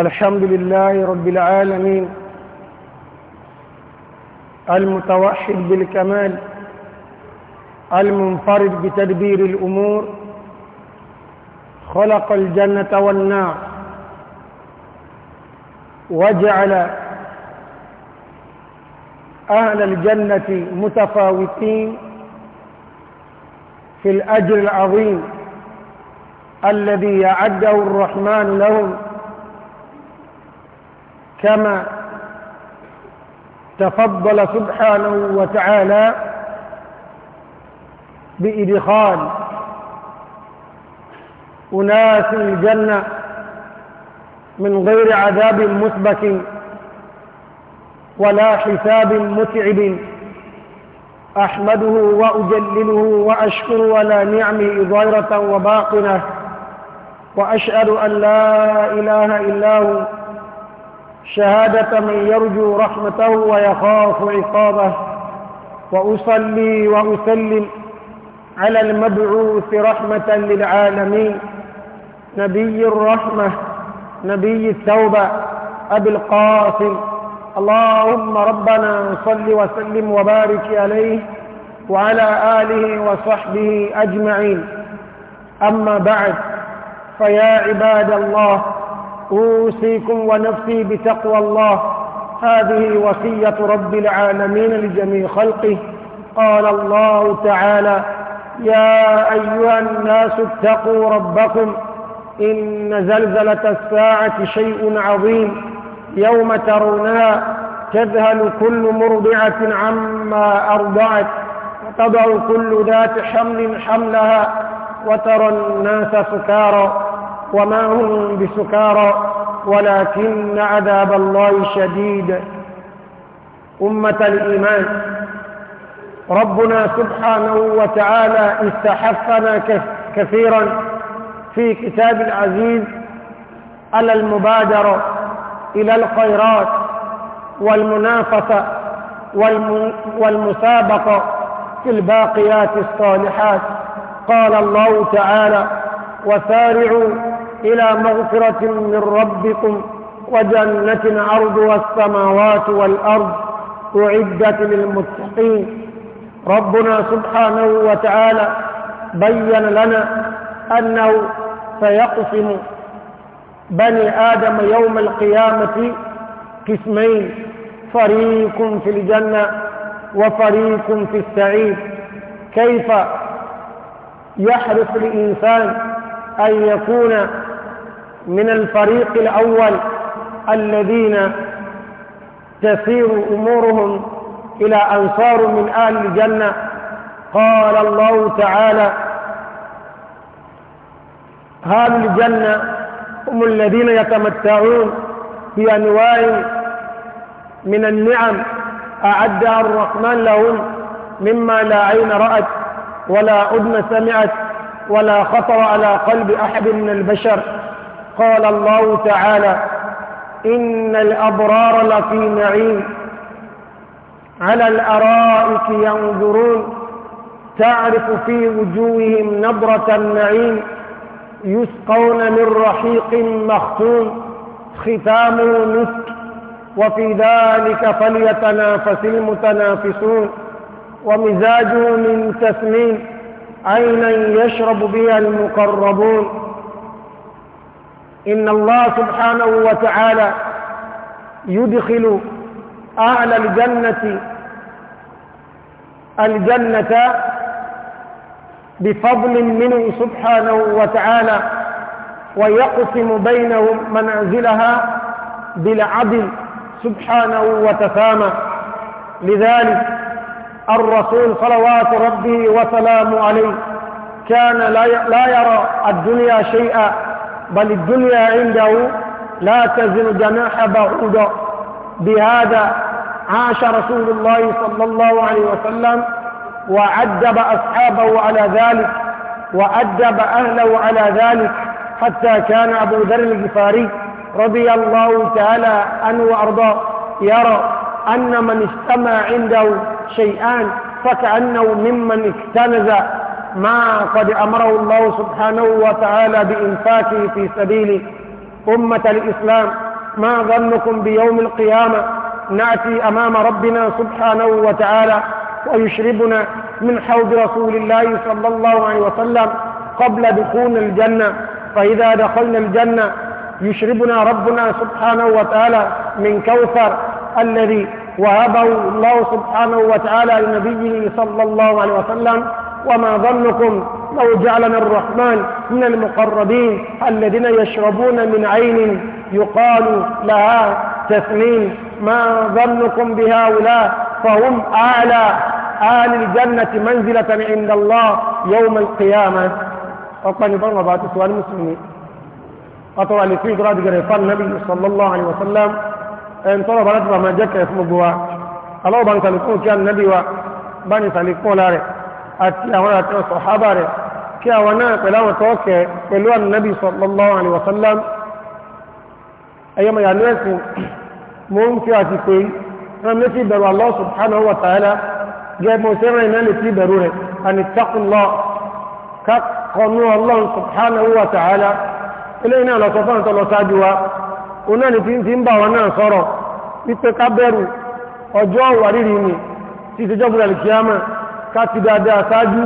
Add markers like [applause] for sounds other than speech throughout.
الحمد لله رب العالمين المتوحد بالكمال المنفرد بتدبير الأمور خلق الجنة والنار وجعل أهل الجنة متفاوتين في الأجر العظيم الذي يعده الرحمن لهم كما تفضل سبحانه وتعالى بإدخال أناس الجنة من غير عذاب مسبك ولا حساب متعب أحمده وأجلله وأشكر ولا نعمه ظاهرة وباطنة وأشهد أن لا إله إلا هو شهادة من يرجو رحمته ويخاف عقابه وأصلي وأسلم على المبعوث رحمة للعالمين نبي الرحمة نبي التوبة أبي القاسم اللهم ربنا صل وسلم وبارك عليه وعلى آله وصحبه أجمعين أما بعد فيا عباد الله أوصيكم ونفسي بتقوى الله هذه وصية رب العالمين لجميع خلقه قال الله تعالى يا أيها الناس اتقوا ربكم إن زلزلة الساعة شيء عظيم يوم ترونها تذهل كل مرضعة عما أرضعت وتضع كل ذات حمل حملها وترى الناس سكارى وما هم بسكارى ولكن عذاب الله شديد أمة الإيمان ربنا سبحانه وتعالى استحفنا كثيرا في كتاب العزيز على المبادرة إلى الخيرات والمنافسة والمسابقة في الباقيات الصالحات قال الله تعالى وسارعوا إلى مغفرة من ربكم وجنة عرضها السماوات والأرض أعدت للمتقين ربنا سبحانه وتعالى بين لنا أنه سيقسم بني آدم يوم القيامة قسمين فريق في الجنة وفريق في السعيد كيف يحرص الإنسان أن يكون من الفريق الأول الذين تسير أمورهم إلى أنصار من أهل الجنة قال الله تعالى أهل الجنة هم الذين يتمتعون بأنواع من النعم أعدها الرحمن لهم مما لا عين رأت ولا أذن سمعت ولا خطر على قلب أحد من البشر قال الله تعالى إن الأبرار لفي نعيم على الأرائك ينظرون تعرف في وجوههم نبرة النعيم يسقون من رحيق مختوم ختامه مسك وفي ذلك فليتنافس المتنافسون ومزاجه من تسمين عينا يشرب بها المقربون إن الله سبحانه وتعالى يدخل أهل الجنة الجنة بفضل منه سبحانه وتعالى ويقسم بينهم منازلها بالعدل سبحانه وتسامى لذلك الرسول صلوات ربه وسلامه عليه كان لا يرى الدنيا شيئا بل الدنيا عنده لا تزن جناح بعوضة بهذا عاش رسول الله صلى الله عليه وسلم وعدب أصحابه على ذلك وأدب أهله على ذلك حتى كان أبو ذر الغفاري رضي الله تعالى عنه وأرضاه يرى أن من اجتمع عنده شيئان فكأنه ممن اكتنز ما قد أمره الله سبحانه وتعالى بإنفاقه في سبيل أمة الإسلام ما ظنكم بيوم القيامة نأتي أمام ربنا سبحانه وتعالى ويشربنا من حوض رسول الله صلى الله عليه وسلم قبل دخول الجنة فإذا دخلنا الجنة يشربنا ربنا سبحانه وتعالى من كوثر الذي وهبه الله سبحانه وتعالى لنبيه صلى الله عليه وسلم وما ظنكم لو جعلنا الرحمن من المقربين الذين يشربون من عين يقال لها تثمين ما ظنكم بهؤلاء فهم أعلى آل الجنة منزلة عند الله يوم القيامة أقني برنبات سؤال المسلمين أطلع في قراد قريفان النبي صلى الله عليه وسلم أن طلب نتبع ما جاك يسمى الله بانك لكون كان النبي وبانك لكون لارك àti àwọn àti ọ̀sọ̀ hábà rẹ̀ kí àwọn náà pẹ̀lú àwọn tọ́ọ̀kẹ́ pẹ̀lú ànábì sallallahu alaihi wasallam ẹyọmọ ìyànú ẹ̀sìn mo ń fi àti pé rán mi sí ìbẹ̀rù Allah subhanahu wa ta'ala gẹ́ mo sí rán iná lè sí rẹ̀ àni taqullah kakọnu Allah subhanahu wa káti dáadáa sáájú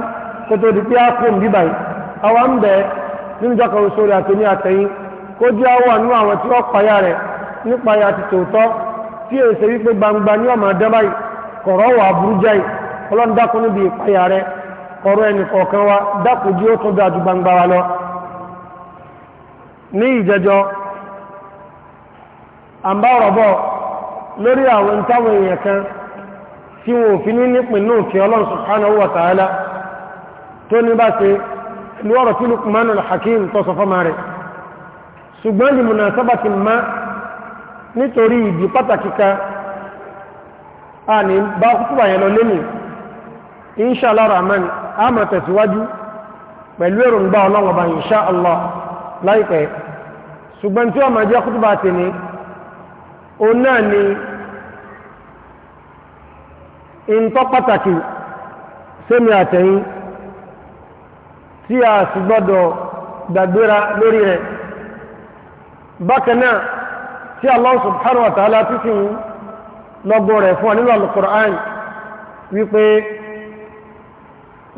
kó tó di pé á kó níbà yìí àwa ń bẹ̀ nínú ìjọ kan sórí àtòní kó jẹ́ àwọ̀ nínú àwọn tí wọ́n payá rẹ̀ nípa ti tòótọ́ tí èyí ṣe wípé gbangba ní ọmọ àdábà yìí kọ̀rọ̀ wà burú jáì ọlọ́ndákun níbi tí wọn fi ní nípìn náà fi ọlọ́run subhanahu wa ta'ala tó ní bá ṣe lọ́rọ̀ tí Luqman al-Hakim tó sọ fọ́mà rẹ̀ ṣùgbọ́n lè múnà sábàtì má nítorí ìdí pàtàkì ka a ní bá kútùbà yẹn lọ lẹ́nì insha Allah rahman náà ni ìntọ́ pàtàkì sẹ́mi àtẹ̀yìn tí a sì gbọ́dọ̀ gbàgbéra lórí rẹ̀ bákanáà tí Allah subhanahu wa ta'ala títí lọ́gbọ́ rẹ̀ fún ànílò al-Qur'an wípé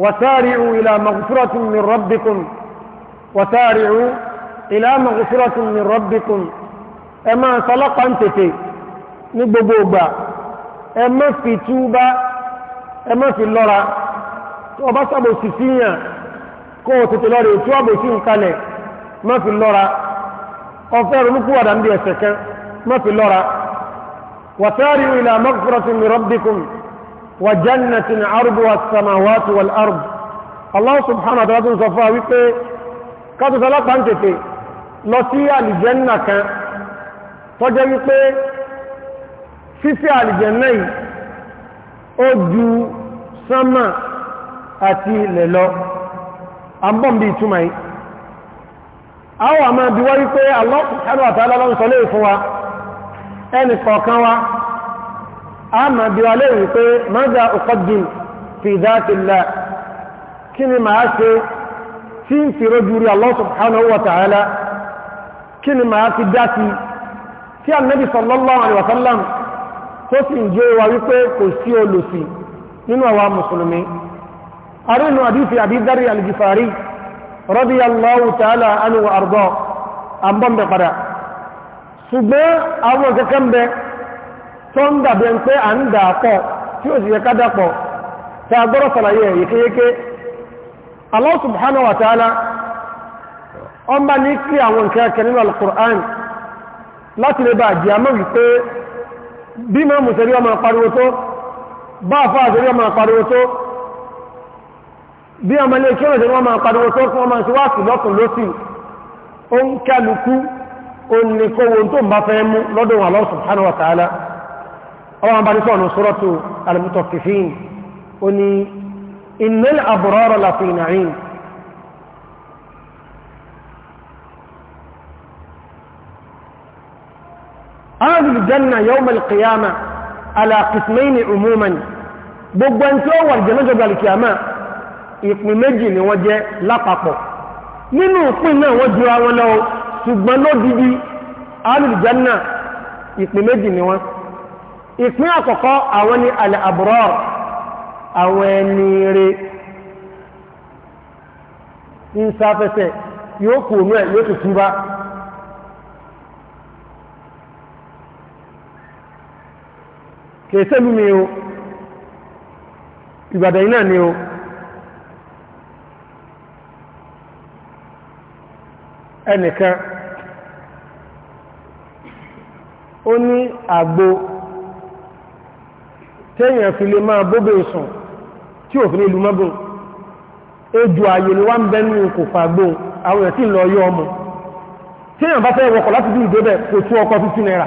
wasari'u ila maghfiratin min rabbikum wasari'u ila maghfiratin min rabbikum ẹ máa sọlọ́pàá ń tètè ní gbogbo ìgbà ẹ má fi túbá ẹ má fi lọ́ra tí ọba sábò sì fíyàn kó o tètè lọ́rẹ̀ ètò àbò sí ìkalẹ̀ má fi lọ́ra ọ̀fẹ́ ronúkú wàdà ń bí ẹsẹ̀ kan má fi lọ́ra wàtàrí ilà mọ́kúrọ̀tì mìíràn وجنة عرضها والأرض الله سبحانه وتعالى صفا ويقول كاتو سلاة بانتتي لو سيا كان tọ́jẹ́ fífẹ́ àlìjẹ̀nà yìí ó ju sánmà àti ilẹ̀ lọ àbọ̀m̀bí ìtumà yìí a wà máa bí wáyé pé Allah subhanahu wa ta'ala ló ń sọ lé fún wa ẹnì kọ̀ọ̀kan wa a máa bí wá léèrè pé madha uqaddim fi dhatillah kí ni màá ṣe tí ń fi rójú rí Allah subhanahu kí ni màá tó sì ń jẹ́ wa wípé kò sí olùsì nínú àwa mùsùlùmí arínú àdífi àbídárí alìjìfàrí radiyallahu ta'ala anhu wa arda àbọ̀m̀bẹ̀ padà ṣùgbọ́n àwọn kẹ́kẹ́ bẹ tó ń dàbẹ̀ pé à ń dàpọ̀ tí ó sì yẹ kádàpọ̀ ta gbọ́rọ̀ sàlàyé yékéyéké Allah subhanahu bí mọ́ mùsẹ̀rí ọmọ pariwo tó bá fà àṣírí ọmọ pariwo tó bí ọmọ ilé kíọ̀nà ìṣẹ́rí ọmọ pariwo tó fún ọmọ síwáàsì lọ́kùn lọ́sì ó ń kálukú ó ní kówó tó ń bá fẹ́ mú lọ́dún Allah subhanahu أهل الجنة يوم القيامة على قسمين عموما gbogbo ẹni tí ó wà ìjẹ́ lọ́jọ́ gbàlìkìámà ìpín méjì ni wọ́n jẹ́ lápapọ̀ nínú ìpín náà wọ́n jura wọn lọ ṣùgbọ́n lódìdí alùjánà ìpín méjì ni wọ́n ìpín àkọ́kọ́ àwọn ni alẹ́ àbúrọ̀ àwọn ẹni rẹ̀ ń sáfẹ́sẹ̀ yóò kò nú ẹ̀ yóò tutù bá kèsẹ́lú ni o ìbàdàn yìí náà ni o ẹnìkan ó ní àgbo téèyàn fi lè máa bóbe sùn tí òfin ìlú mọ́gbọ̀n ejò ààyè ni wá ń bẹ́ nínú kò fàgbó àwọn èèyàn tí ń lọ yọ ọmọ téèyàn bá fẹ́ wọkọ̀ láti bí ìdébẹ̀ kò tún ọkọ̀ 15 naira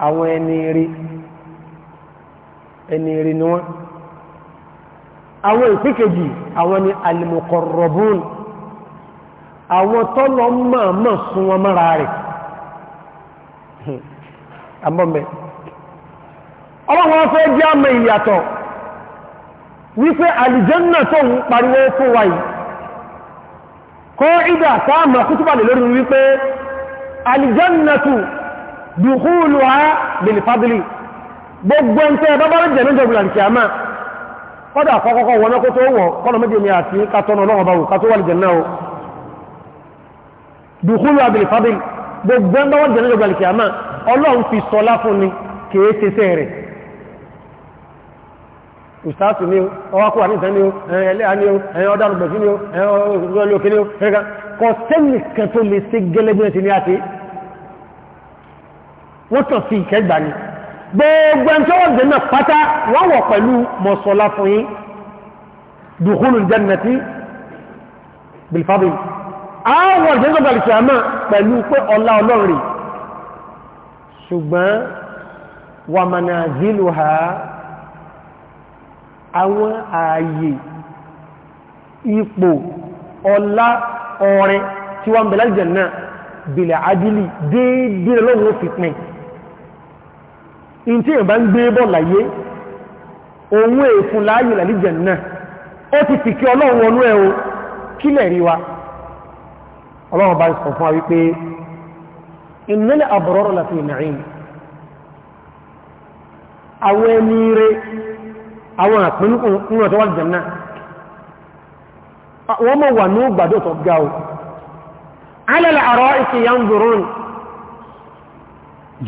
àwọn ẹni rí ẹni rí ni wọ́n àwọn àwọn ni alìmọ̀kọ̀rọ̀bùn àwọn tọ́lọ mọ̀ọ́mọ̀ sún wọn mọ́ra rẹ̀ [laughs] àmọ́mẹ́ ọlọ́wọ́n fẹ́ jẹ́ ìyàtọ̀ wípé tó ń pariwo fún wa yìí kọ́ ìdà táàmà dùkúlù ha bèèrè fábílì gbogbo ń tẹ́ bá bára jẹ̀mí jẹ̀mí àti àmà kọ́dà kọ́kọ́kọ́ wọn kó tó wọ̀ kọ́nà méjì ni àti katọ́nà ọlọ́wọ́ báwò kató wà lè jẹ̀ náà dùkúlù ha bèèrè lè ṣe gẹ́lẹ́gbẹ̀ẹ́ sí ní àti wọ́n tàn sí ìkẹgbà ni gbogbo ẹni tó wọ́n jẹ náà pátá wọ́n wọ̀ pẹ̀lú mọ̀sọ̀lá fún yín dùkúlù jannati bilfadl àwọn ìjẹ́ sọ́gbà ìṣàmà pẹ̀lú pé ọlá ọlọ́rin ṣùgbọ́n wà manazilu ha àwọn ààyè ipò ọlá ọrẹ tí wọ́n bẹ̀lẹ̀ jẹ̀ náà bèèrè adìlì déédéé lọ́wọ́ fi pin ìntí ìbá ń gbé bọ̀ láyé òun èèfún láàyè làlíjẹ̀ náà ó ti fi kí ọlọ́run ẹ̀ o kí lẹ̀ rí wa ọlọ́run bá sọ fún wa wípé ìnẹ́lẹ̀ láti ìnàrin àwọn ẹni rẹ̀ àwọn àpínlẹ̀ tó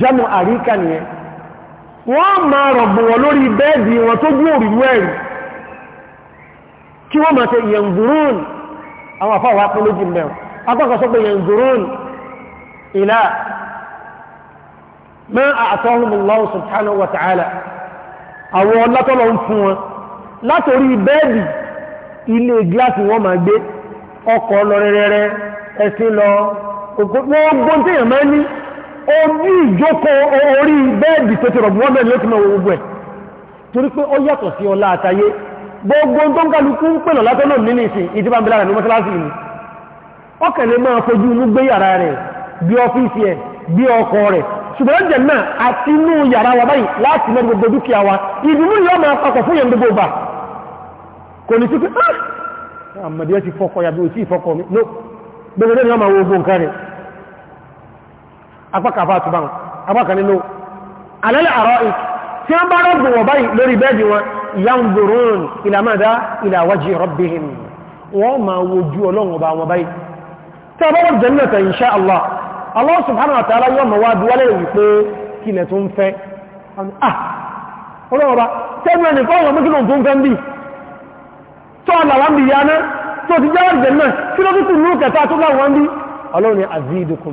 jẹ́mù àríkà nìyẹn wọ́n ma rọ̀bù wọn lórí bẹ́ẹ̀dì wọn tó gbú òrìrú ẹ̀rù kí wọ́n máa ṣe yẹnzurún àwọn afọ́wà pín lójú mẹ́rin sọ pé yẹnzurún ilá mẹ́ àtọ́hùnmùláwù lọ Obi ìjókòó orí bẹ́ẹ̀dì tó ti rọ̀bù wọ́n bẹ̀rẹ̀ lókùn náà gbogbo ẹ̀ torí pé ó yàtọ̀ sí ọlá àtayé gbogbo tó ń kálukú ń pèlọ̀ látọ́ náà nínú ìsìn ìdíbà ní mọ́sálásì ni ọkẹ̀lẹ̀ máa fojú inú gbé yàrá rẹ̀ bí ọ́fíìsì ẹ̀ bí ọkọ̀ rẹ̀ ṣùgbọ́n jẹ̀ wa wa apákàfà àtúbáhùn apákà nínú alẹ́lẹ̀ àrọ́ ìk tí wọ́n bá rọ́gbùn wọ̀ báyìí lórí bẹ́ẹ̀dì wọn yanzurun ila madha ila wajhi rabbihim wọ́n ma wojú ọlọ́run ọba wọn báyìí tí a bá wọ́n jẹ́ nílẹ̀ insha Allah Allah subhanahu wa ta'ala yóò mọ̀ wá duwálẹ̀ wípé kílẹ̀ tó ń fẹ́ ah! ọlọ́run ọba tẹ́gbẹ́ nìkan wọ́n mú kílò tó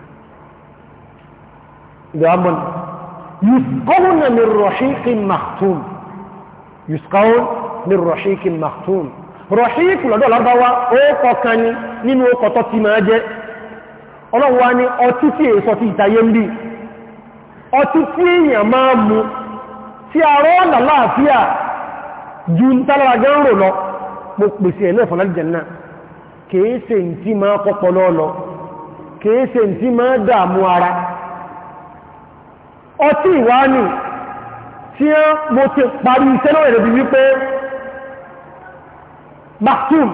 ìgbàmọ́n yusqawna min rahiqin makhtum yusqawna min rahiqin makhtum rọ̀ṣíkù lọ́dọ̀ lọ́báwá ókọ̀ kan ní nínú ókọ̀ tọ́ ti máa jẹ́ ọlọ́wọ́ ni ọtí tí è sọ ti ìtayé ń bí ọtí tí èyàn máa mú tí a rọ́ mo pèsè ẹ̀lẹ́ ìfọ̀lájẹ̀ náà kèése ń tí máa kọ́pọ̀ lọ́ọ̀lọ kèése ń tí máa dààmú ara ọtí ìwánì tí mo ti parí iṣẹ́ lọ́wọ́ ìrẹ̀bí wípé baktum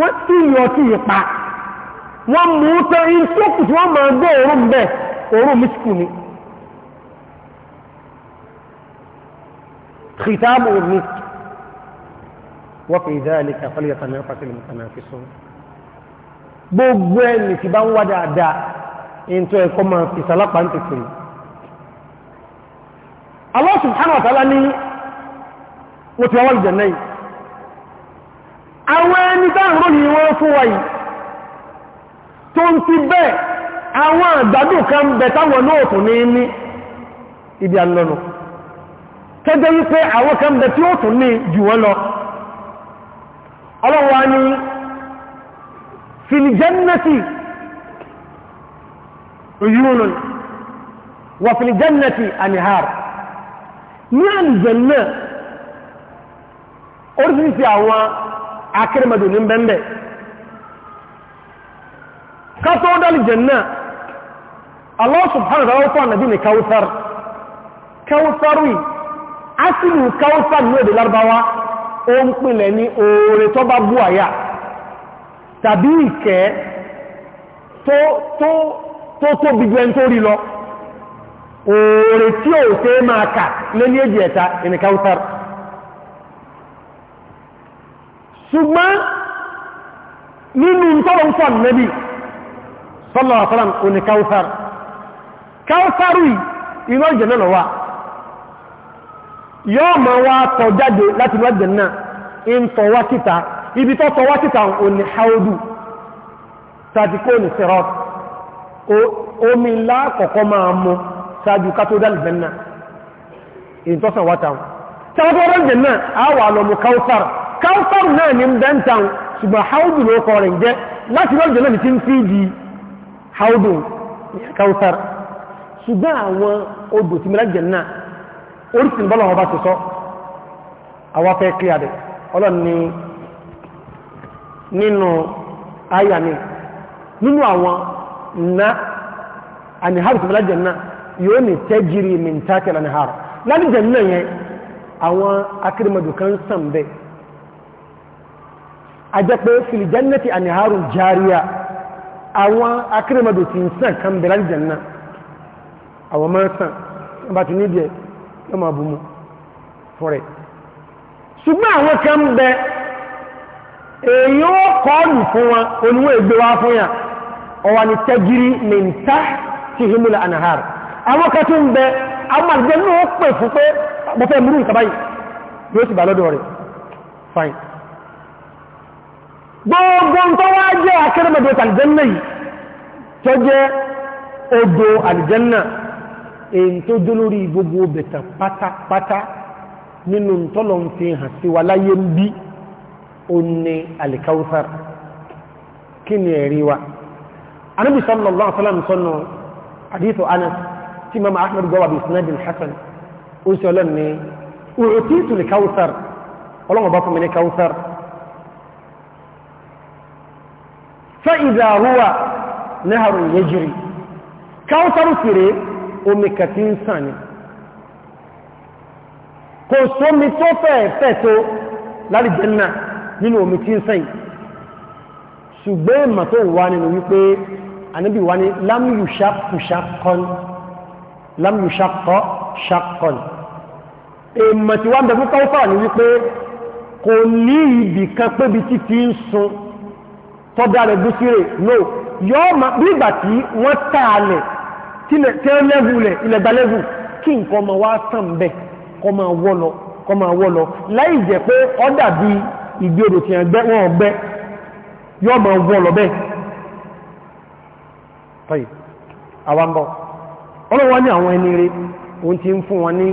wọ́n tí ìyọ̀ ọtí ìpa wọ́n mú tẹ́ ìṣókù tí wọ́n máa gbọ́ òórùn bẹ́ òórùn mísìkù ni kìtàbù òní wọ́n fi ìdáyàlẹ́kà fọ́lẹ́yàtàmẹ́ fàtílẹ̀ mùtàmẹ́ fi sọ́rọ̀ fi sàlápàá Allah subhanahu wa ta'ala ní wọ́n ti wọ́n jẹ̀nà yìí àwọn ẹni táàrùn ròyìn wọ́n fún wa yìí tó ń ti bẹ́ẹ̀ àwọn àgbàdù kan bẹ̀ táwọn náà tún ní ní ibi àlọ́nà kẹ́jẹ́ wípé àwọn kan bẹ̀ tí ó tún ní jù wọ́n lọ ní àlùjànnà oríṣiríṣi àwọn akérèmọdò ní bẹ́ńbẹ́ kátó dálùjànnà Allah subhanahu wa ta'ala fún ànàbí ní kawusar kawusaru asìlù kawusar ní èdè lárúbáwá ó ń pìnlẹ̀ ní oore tó bá bú àyà tàbí ìkẹ́ tó tóbi ju ẹni tó rí lọ oore tí ò ṣe é máa kà lé ní èjì ẹ̀ta ìní Kawthar ṣùgbọ́n nínú tọ́lọ̀ ń sọ nẹ́bí sallallahu alaihi wasallam òní Kawthar Kawthar iná ìjẹ̀nà lọ wá yóò ma wá tọ̀ jáde láti lọ jẹ̀nà in tọ̀ wá síta ibi tọ́ tọ̀ wá síta òní haudu tàbí kó ṣáájú kátó dá lìjẹ́nà ìtọ́sàn wá tàun tàbí ọ̀rọ̀ lìjẹ́nà àwà lọ́mù káúsàr káúsàr náà ní bẹ́ntàn ṣùgbọ́n haudu ló kọ rẹ̀ jẹ́ láti lọ́jọ́ náà ti ń fi di haudu káúsàr ṣùgbọ́n àwọn odò ti mẹ́lá jẹ́nà orísìn bọ́lọ̀ ọba ti sọ awafẹ́ kíyàdẹ̀ ọlọ́ni nínú ayà ni nínú àwọn na àníhàrùsùn mẹ́lá jẹ́nà yóò ní tẹ́jìrì mìntákẹ̀lá ní hàrù lálìjẹ̀ náà yẹn àwọn akérèmọ̀dù kan sàn bẹ́ a jẹ́ pé fìlìjẹ́nẹ́tì àní hàrù járíà àwọn akérèmọ̀dù ti ń sàn kan bẹ̀ lálìjẹ̀ náà àwọn máa sàn bá ti ní díẹ̀ yóò máa bùmú fọ́rẹ̀ ṣùgbọ́n àwọn kan bẹ èyí ó kọ́ọ̀lù fún wọn oníwọ̀ ègbé fún yà ọwà ni tẹ́jìrì mìntákẹ̀lá ti himula anahar àwọn kan tó ń bẹ àwọn àgbẹ̀ náà pè fún pé mo fẹ́ múrú ìkàbáyì yóò sì bà lọ́dọ̀ rẹ̀ fine gbogbo tó wá jẹ́ akérèmọ̀dé àlìjẹ́nà yìí tó jẹ́ odò àlìjẹ́nà èyí tó jó lórí gbogbo bẹ̀tà pátápátá nínú tọ́lọ̀ ń fi hàn sí wa láyé ń bí o ní anas tí mama ahmed gbọ́wà bí sinadin hasan ó sì ọlọ́n ni òòtí ìtùlẹ̀ kawusar ọlọ́wọ́ bá fún mi ní kawusar fa ìdá huwa naharun yajri kawusar fèrè omi kàtí ń sàn ni kò sómi tó fẹ́ fẹ́ tó lálìjẹ́nà nínú omi tí ń sàn ṣùgbọ́n ìmọ̀ tó wà nínú wípé anábì wà ní lámìyù ṣàkùṣàkọ́ni lam yushaqqa shaqqan èèmọ̀ tí wá ń bẹ fún káwọ́fà ní wípé kò ní ibì kan pébi tí fi ń sun tọ́dá rẹ̀ gúsírè no yọ́ ma bí ìgbà tí wọ́n tààlẹ̀ tí ó lẹ́vù lẹ̀ ilẹ̀gbà lẹ́vù kí nǹkan ma wá tàn bẹ̀ kọ́ ma wọ́lọ kọ́ láì jẹ́ pé ó dàbí ìgbé odò tí wọ́n gbẹ́ yọ́ ma wọ́lọ bẹ́ẹ̀ tọ́yì àwọn bọ́ ọlọ́wọ́ ní àwọn ẹni rí oun ti ń fún wọn ní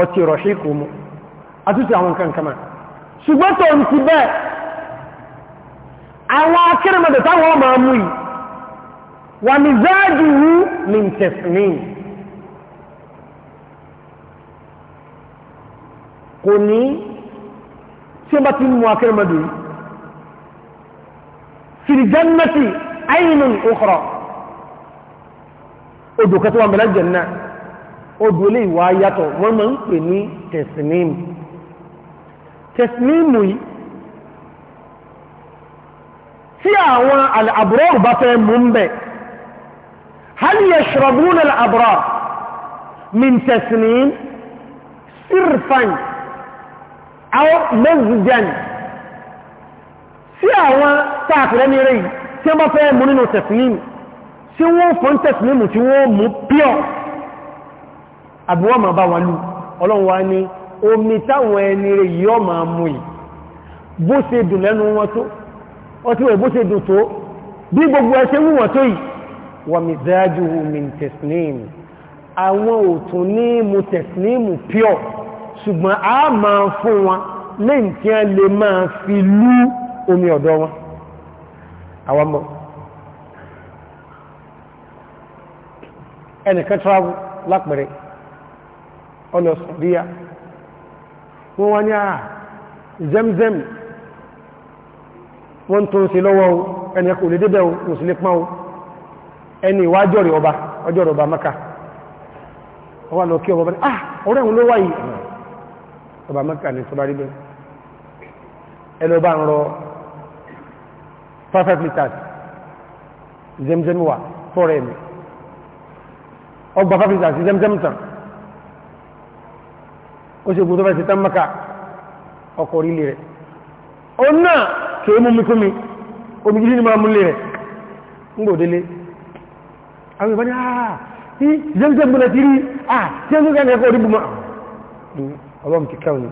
ọtí rọ̀ṣẹ́ kò mú àtútù àwọn kankama ṣùgbọ́n tó ń ti bẹ́ẹ̀ àwọn akérèmọdé táwọn ọmọ amú yìí wà ní záàjù wú ní tẹ̀sìmí kò ukhra odò kan tó wà mẹ́lá jẹ̀nà odò lè wá yàtọ̀ wọ́n máa ń pè ní tẹ̀sínímù tẹ̀sínímù yìí tí àwọn àbúrò bá fẹ́ mú ń bẹ̀ hal yashrabuna al-abrar min tasnim sirfan aw mazjan tí àwọn tààkìrẹ́ ní rẹ̀ tí wọ́n fẹ́ mú nínú tẹ̀sínímù tí wọ́n contest mímù tí wọ́n mú pure àbúwọ́ ma bá wọn lú ọlọ́run wá ní omi táwọn ẹni rẹ̀ yíò ma mú ì bó ṣe dùn lẹ́nu wọn tó ọtí wẹ̀ bó ṣe dùn tó bí gbogbo ẹṣẹ́ wù wọ́n tó yìí wà mí dájú min teslim àwọn òtún ní mu teslim pure ṣùgbọ́n a máa fún wọn lẹ́yìn tí a lè máa fi lú omi ọ̀dọ́ wọn àwọn mọ̀ ẹnìkan travel lápẹ̀rẹ̀ ọlọ sọ̀díyà wọ́n wá ní àà ah, zemzem wọ́n tó ń ṣe lọ́wọ́ ẹni kò lè débẹ̀ kò sí lè pán ẹni ìwájọ́ rẹ̀ ọba ọjọ́ rẹ̀ maka ọwá lọ kí ọba bá ah ọ̀rẹ́ òun ló wáyé ọba maka ní tó bá rí bẹ́ẹ̀ ẹlọ bá ń rọ 5 litres zemzem wà fọ́rẹ̀ mi ọgbà fáfíìsì àti zemzemtan ó ṣe gbogbo fẹ́sì tán maka ọkọ̀ orílẹ̀ rẹ̀ ó náà kèé mú mi kúmi omi jíjí ní máa mú lè rẹ̀ ń gbò délé àwọn ìbá ní àà tí zemzem bú lẹ́tí rí àà tí ẹni gẹ́gẹ́ ẹ̀kọ́ orígbùmọ́ ọlọ́run ti kẹ́wọ̀n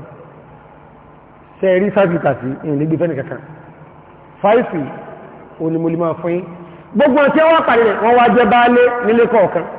sẹ́ẹ̀rí fáfíìsì àti ìrìnlẹ́gbẹ̀ fẹ́ni kankan fáìsì onímọ̀límọ̀ fún gbogbo ọ̀tí wọ́n pàdé wọ́n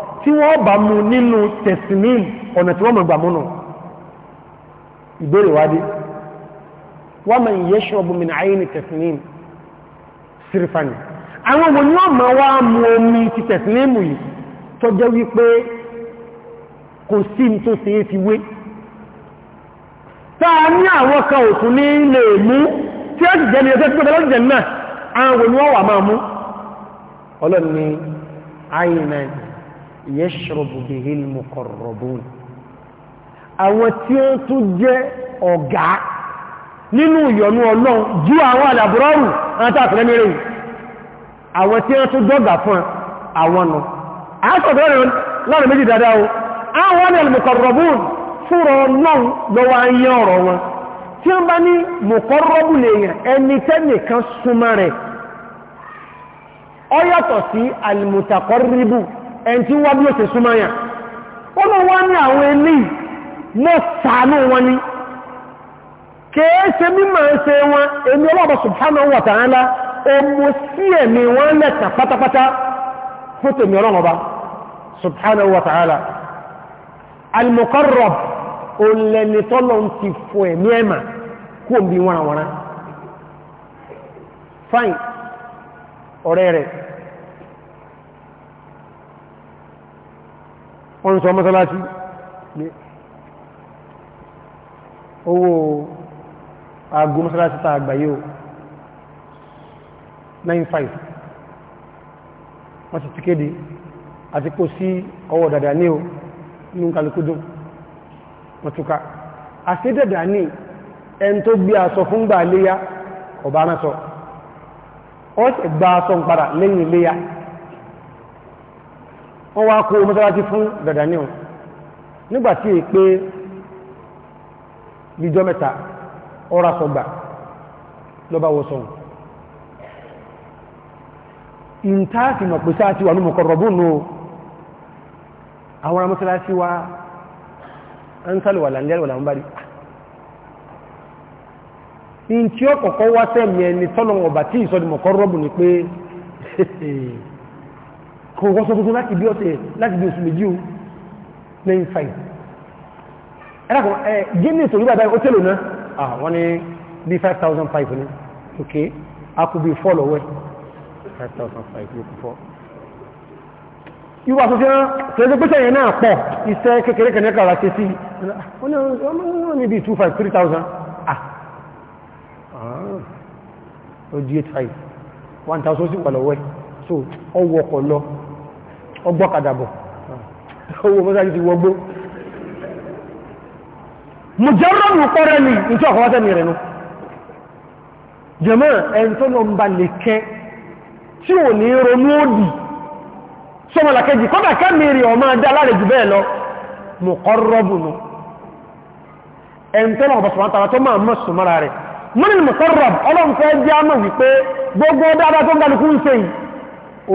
tí wọ́n bá mú nínú tẹ̀sìmín ọ̀nà tí wọ́n mọ̀ gbàmúnà ìbéèrè wádé wọ́n mọ̀ ìyẹ́ ṣọ́bù mìnà ayé ní tẹ̀sìmín sírìfàní àwọn ọmọ ní ọmọ wá mú omi ti tẹ̀sìmín yìí tó jẹ́ wípé kò sí tó ṣe é fi wé táa ní àwọn kan òtún ní lè mú tí ó sì jẹ́ ní ẹgbẹ́ tí ó bẹ̀rẹ̀ náà àwọn ọmọ wà máa mú ọlọ́ni yẹ́ṣọ́rọ̀bù bèèrè mọ̀kọ̀rọ̀bùn àwọn tí ó tún jẹ́ ọ̀gá nínú ìyọnú ọlọ́run jú àwọn àdàbúrọ́rù látàkùnrẹ́mẹ́rẹ́ àwọn tí ó tún dọ́gà fún àwọn nù láàrin méjì dáadáa o àwọn ní alìmọ̀kọ̀rọ̀bùn fúnra náà lọ́wọ́ ayé ọ̀rọ̀ wọn tí ó bá ní sí alìmọ̀tàkọ̀rọ̀bùn ẹn tí wá bí ó ṣe súnmáyà ó lọ wá ní àwọn ilé mọ́ sàánú wọn ni kèése mímọ̀ ṣe wọn èmi ọlọ́bọ̀ subhanahu wa ta'ala ọmọ sí ẹ̀mí wọn lẹ́ta pátápátá fún tèmi ọlọ́mọba fine ọ̀rẹ́ rẹ̀ wọ́n sọ mọ́sálásí owó aago mọ́sálásí ta àgbáyé o 95 wọ́n ti ti kéde àti kò sí ọwọ́ dàdà ní o ní kàlùkúdùn wọ́n túká àti dàdà ní ẹn tó gbé aṣọ fún gbà léyá ọ̀bá ránṣọ ọ́sẹ̀ gbá aṣọ ń padà lẹ́yìn léyá wọ́n wá kó mọ́sálásí fún dàdà níhùn nígbàtí è pé ìjọ mẹ́ta ọ̀rá sọgbà lọ́bá wọ́sọ̀hùn ìntáàtì mọ̀ pèsè àti wà ní mọ̀kọ̀rọ̀bùnú àwọn mọ́sálásí wa ń sálùwà làndẹ́lùwà làmbárí in tí ó kọ̀kọ́ wá sẹ́mì ẹni tọ́lọ̀ ọ̀bà tí ìsọ́dìmọ̀kọ́rọ̀bù ni pé [laughs] kò wọ́sọ tuntun láti bí ọ̀tẹ̀ láti bí oṣù méjì lẹ́yìn fàì ẹ̀dàkùn ẹ̀ gíní ìtòrí bàbá ó tẹ́lò náà wọ́n ní bí 5,500 ní ok a kò bí 4 lọ́wẹ́ 5,500 ló kù fọ́ ìwà tó fi pẹ́sẹ̀ yẹn náà pọ̀ iṣẹ́ kékeré kẹ́lẹ́ ah ó di 8,500 so ọwọ́ ọkọ̀ lọ ọgbọ́kadà bọ̀ owó mọ́sájú ti wọgbó mùjẹ́rọ̀mù pọ́rẹ́ ni ìtí ọ̀kọ̀wọ́sẹ́ mi rẹ̀ nú jẹ́mọ́ ẹni tó lọ ń ba lè kẹ́ tí ò ní ronú òdì sọmọlàkejì kọ́dà kẹ́mìrì ọmọ adá aláre jù bẹ́ẹ̀ lọ mùkọ́rọ́bù nù ẹni tó lọ́wọ́ bọ̀sùn tó máa mọ́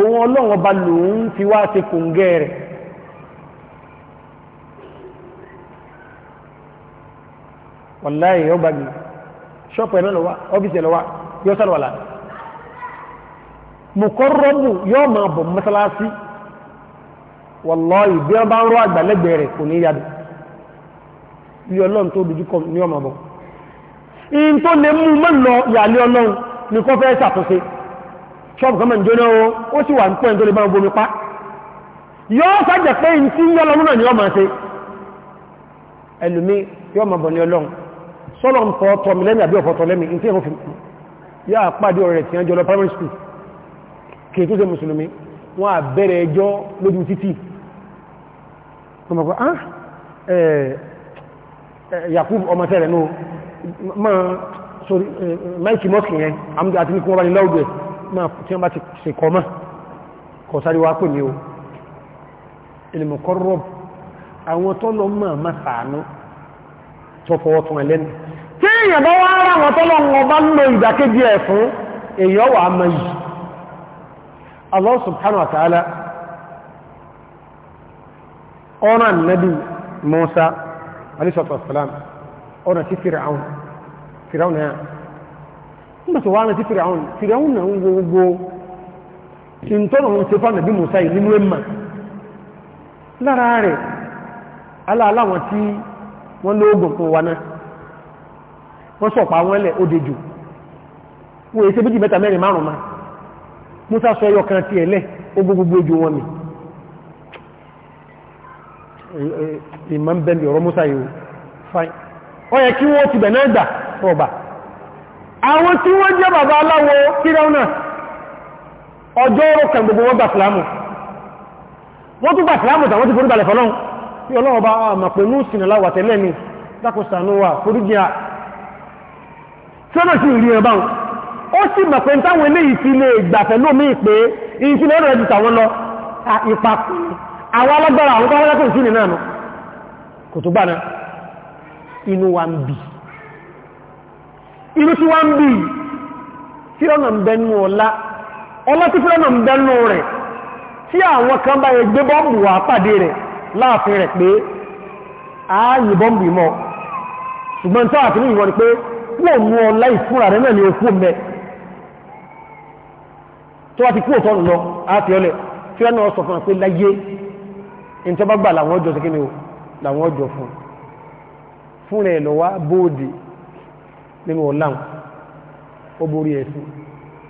òun ọlọ́run ọba lòun fi wá ṣe kòǹgẹ́ rẹ̀ wàláyé ọba gbé ṣọ́ọ̀pù ẹ̀rọ lọ́wọ́ ọ́fíìsì ẹ̀lọ́wọ́ yóò sọ̀rọ̀ wà láàrín bọ̀ mọ́sálásí wàláyé bí wọ́n bá ń rọ́ rẹ̀ kò ní yàdù ọlọ́run tó dojú ọmọ ṣọ́ọ̀bù kan mọ̀ jóná o ó sì wà ń pẹ́ tó lè máa bomi pa yóò sájẹ̀ pé n tí yọ́ lọ́mú náà ni ọmọ ṣe ẹlùmí yóò máa bọ̀ ní ọlọ́run sọ́lọ̀ ń fọ́ tọ́mi lẹ́mí àbí ọ̀fọ́ tọ́lẹ́mí ní tí ẹ̀hún fi yá àpàdé ọ̀rẹ́ tí wọ́n jọ primary school kì í tó ṣe mùsùlùmí wọ́n á bẹ̀rẹ̀ ẹjọ́ lójú títì ọmọ kọ́ ah Yakub ọmọ tẹ́rẹ̀ nù máa sọ Mike mosque yẹn àti ní kí wọ́n bá ní lọ́ọ̀dù ẹ̀ tí wọ́n ti ṣe kọmọ́ kọ̀ sáré wá pè ní o ilmùkọ́rọ̀ àwọn tọ́lọ máa má sàánú tọ́fọwọ́ tún ẹlẹ́nu tí èèyàn bá wá rà wọn tọ́lọ wọn bá ń lo ìdàkejì ẹ̀ fún èèyàn wà á Allah subhanahu wa ta'ala ọ̀nà nabi Musa alayhi salatu wassalam ọ̀nà tí Fir'aun Fir'aun náà nígbàtí wọ́n rántí fìràún fìràún náà ń gbogbo tí ń tọ́nà fánà bí musa yìí nínú ẹ̀mà lára rẹ̀ aláàláwọn tí wọ́n lóògùn fún wa náà wọ́n sọ̀pá wọn lẹ̀ òdejù wọ́n èsẹ́ méjì mẹ́ta mẹ́rin márùn ma musa sọ ẹyọ kan tiẹ̀ ó ojú wọn mi ìmọ̀ ń ọ̀rọ̀ musa yìí ó yẹ kí wọ́n ti àwọn tí wọ́n jẹ́ bàbá aláwọ fíráúnà ọjọ́ ọ̀rọ̀ kan gbogbo wọ́n gbà fìlámù wọ́n tún gbà fìlámù tàwọn ti forí balẹ̀ fọ́lọ́n tí ọlọ́wọ́ bá àmà pẹ̀lú ìsìnàláwà tẹ́lẹ̀ ni dákùsànúwà foríjìá sọ́nà sí ìrìn ẹ̀bá ó sì mọ̀ pé táwọn eléyìí ti lè gbà irú tí wá ń bí fírọ́nà ń bẹnu ọlá ọlá tí fírọ́nà ń bẹnu rẹ̀ tí àwọn kan bá ẹgbẹ́ bọ́m̀bù wà pàdé rẹ̀ láàfin rẹ̀ pé ààyè bọ́m̀bù mọ́ ṣùgbọ́n tó àti ní ìwọ̀n ni pé wọ́n mú ọlá ìfúnra rẹ̀ náà ní okú mẹ́ tó wá ti kú òtọ́ lọ àti ọlẹ̀ fírọ́nà sọ fún pé láyé ìjọba gbà làwọn ọjọ́ sí kí o làwọn ọjọ́ nínú ọláhùn ó borí ẹ̀sùn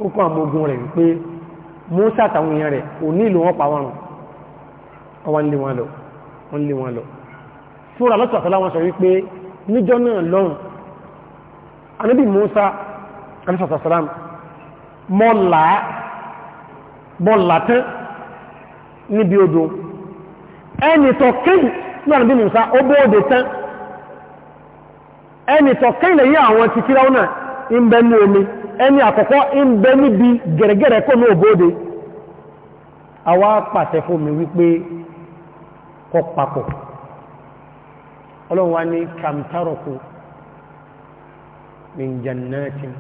ó kọ́ àwọn ogun rẹ̀ wípé mọ́sá àtàwọn èèyàn rẹ̀ ò ní ìlú wọn pa wọn ọwọ́ ń lé wọn lọ wọ́n lé wọn lọ fúnra lọ́tọ̀ àtàlá wọn sọ wípé níjọ́ náà lọ́rùn anábì mọ́sá alẹ́sàtàsàlám mọ́lá bọ́lá tán níbi odò ẹni tọ́kẹ́ ní anábì mọ́sá ó bóòdè tán ẹni tọ̀kẹ́ ilẹ̀ yí àwọn ti fíra ọ́nà ń ní omi ẹni àkọ́kọ́ ń níbi gẹ̀rẹ́gẹ̀rẹ́ kó ní òbóde wá pàṣẹ fún mi wípé kọ papọ̀ ọlọ́run wá ní kàmtárọ̀kù min jannatin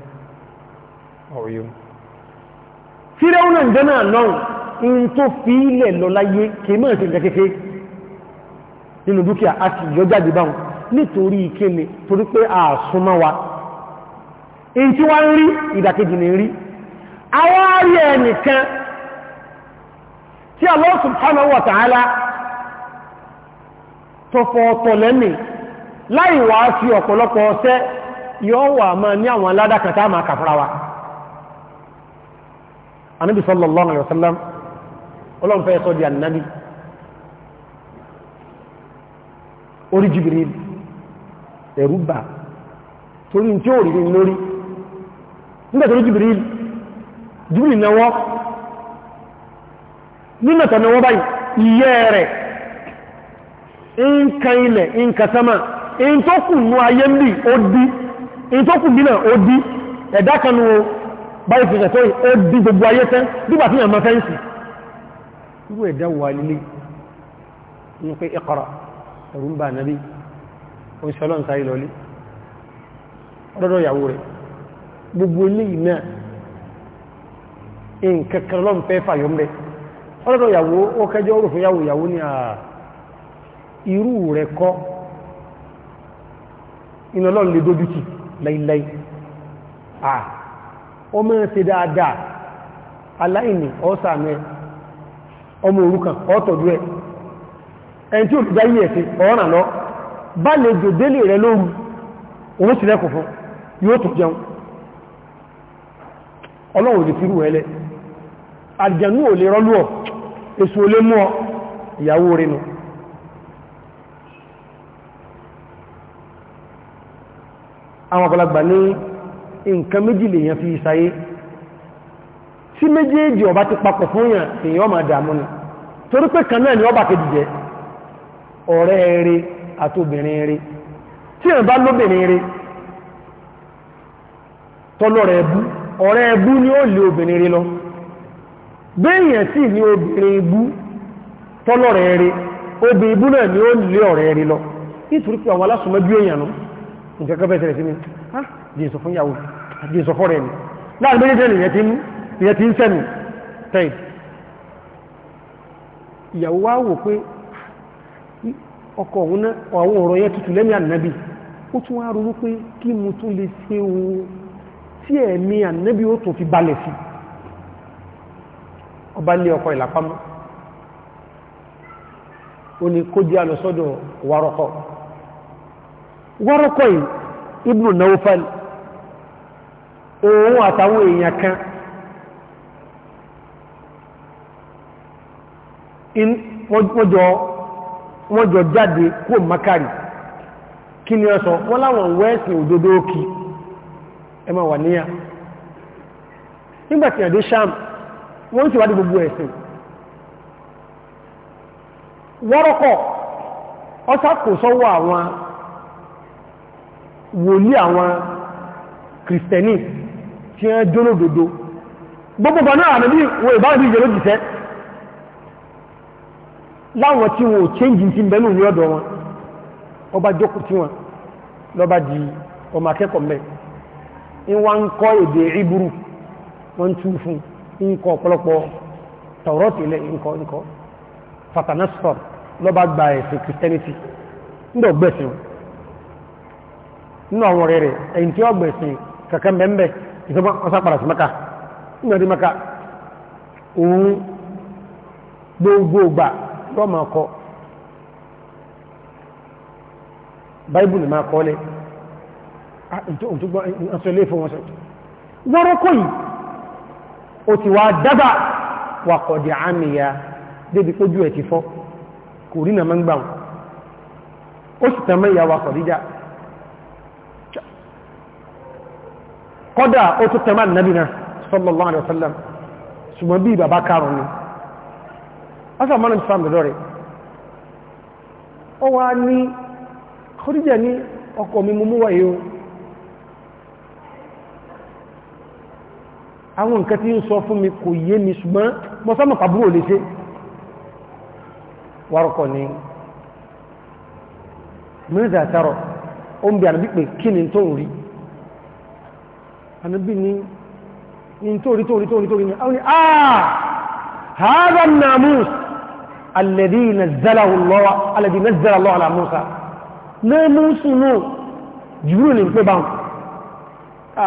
ọ̀yọ́ ọ́nà nítorí ìkéni torí pé àásúnmọ́ wa in tí wọ́n rí ìdàkejì ní rí àwọn arí ẹnìkan tí Allah subhanahu wa ta'ala tọfọ ọ̀tọ̀ lẹ́nì láì wá sí ọ̀pọ̀lọpọ̀ ọ̀sẹ́ yóò wà máa ní àwọn aládàkàtà máa kàfúra wa anábi di ẹ̀rú bà torí tí ó rí lórí nígbàtí ó jùbìrí jùbìrí náwọ́ nígbàtà náwọ́ báyìí iyẹ́ rẹ̀ nǹkan ilẹ̀ sama in tó kù ní ayé ń bí ó dí in tó kù dínà ó dí ẹ̀dá kanú báyìí fi ṣẹ̀tọ́ ó ó ń ṣe ọlọ́run sáré lọlé ọdọ́dọ̀ ìyàwó rẹ̀ gbogbo ilé náà nǹkankan lọ́n fẹ́ fàyọ́ mẹ́ ọdọ́dọ̀ ìyàwó ó kẹjọ́ orò fún ìyàwó ní àà irú rẹ̀ kọ́ iná lọ́n lè dójútì láìláì à ó yìí ẹ̀ sí bá lè délé rẹ lóru òun sì lẹ́kùn fún yóò tó jẹun ọlọ́run lè fírú ẹlẹ́ àjẹ̀nú ò lè rọ́lú ọ̀ èsù ò lè mú ọ ìyàwó rínú àwọn àgbàlagbà ní nǹkan méjì lè yàn fi ìsáyé tí ọba ti papọ̀ fún yàn àtòbìnrin rí tí ẹ̀ bá lóbìnrin rí tọ́lọ́rẹ̀ ẹbú ọ̀rẹ́ ẹbú ni ó lè obìnrin rí lọ béèyàn sì ní obìnrin ibú tọ́lọ́rẹ̀ rí obìnrin ibú náà ni ó lè ọ̀rẹ́ rí lọ nítorí pé àwọn alásùnmọ́ bí èèyàn nù nǹkan kan bẹ̀rẹ̀ sí mi ah jésù fún ìyàwó jésù fọ́rẹ̀ ni láàrin méjèèjì ìyẹn ti ìyàwó wá wò pé ọkọ̀ òun náà àwọn ọ̀rọ̀ yẹn tutù lẹ́mí ànábì ó tún wá ronú pé kí mo tún lè ṣe o tí ẹ̀mí ànábì ó tún fi balẹ̀ sí ọba lé ọkọ̀ ìlàpamọ́ ó ní kó jẹ́ alọ́sọ́dọ̀ wárọ́kọ̀ wárọ́kọ̀ yìí ibnu Nawfal òun àtàwọn èèyàn kan wọ́n jọ wọ́n jọ jáde kó makari kí ni ọ sọ wọ́n láwọn wẹ́ẹ̀sì òdòdó òkì ma wà níyà nígbàtí àdé sham wọ́n sì wá gbogbo ẹ̀sìn wọ́rọ́kọ̀ ọ́sá kò sọ́wọ́ àwọn wòlí àwọn kìrìsìtẹ́nì tí gbogbo bọ̀ náà àmì ìbáwọn láwọn tí wọn ò change ti ń bẹ̀lú ní ọ̀dọ̀ wọn ọba jókòó tí wọn lọ́ba di ọmọ akẹ́kọ̀ọ́ mẹ́ in wá ń kọ́ èdè ìbúrú wọ́n tú fún ń kọ́ ọ̀pọ̀lọpọ̀ tọ̀rọ̀tì ilẹ̀ ǹkọ́ fatanastor lọ́ba gba christianity gbogbo yọ́ máa kọ báìbùlù máa kọ́ ah, lẹ́ wọ́rọ́kọ́ yìí ó ti wá dábà wà kọ̀dì àmìyà débi pójú ẹ̀ ti fọ́ kò rí na mọ́ ń gbà wọn ó sì tàn mẹ́yà wà kọ̀díjà kọ́dà ó tó tàn ṣùgbọ́n bí bàbá karùn-ún ọ́sà mọ́nà ìfàm dọ̀dọ̀ rẹ̀ ó wá ní Khadija ní ọkọ mi mú wáyé o àwọn nǹkan tí ń sọ fún mi kò yé mi ṣùgbọ́n mọ́ sọ́mọ̀ pàbúrò lè ṣe wárọ̀kọ̀ ni mẹ́rìndà àtàrọ̀ ó ń bí ànàbí pé kí ni tó ń rí ànàbí ni tó rí tó rí tó rí tó rí ní àwọn ni àà hàárọ̀ nàmúsù الذي نزله الله الذي نزل الله على موسى لا موسى نو جبريل ń pè bá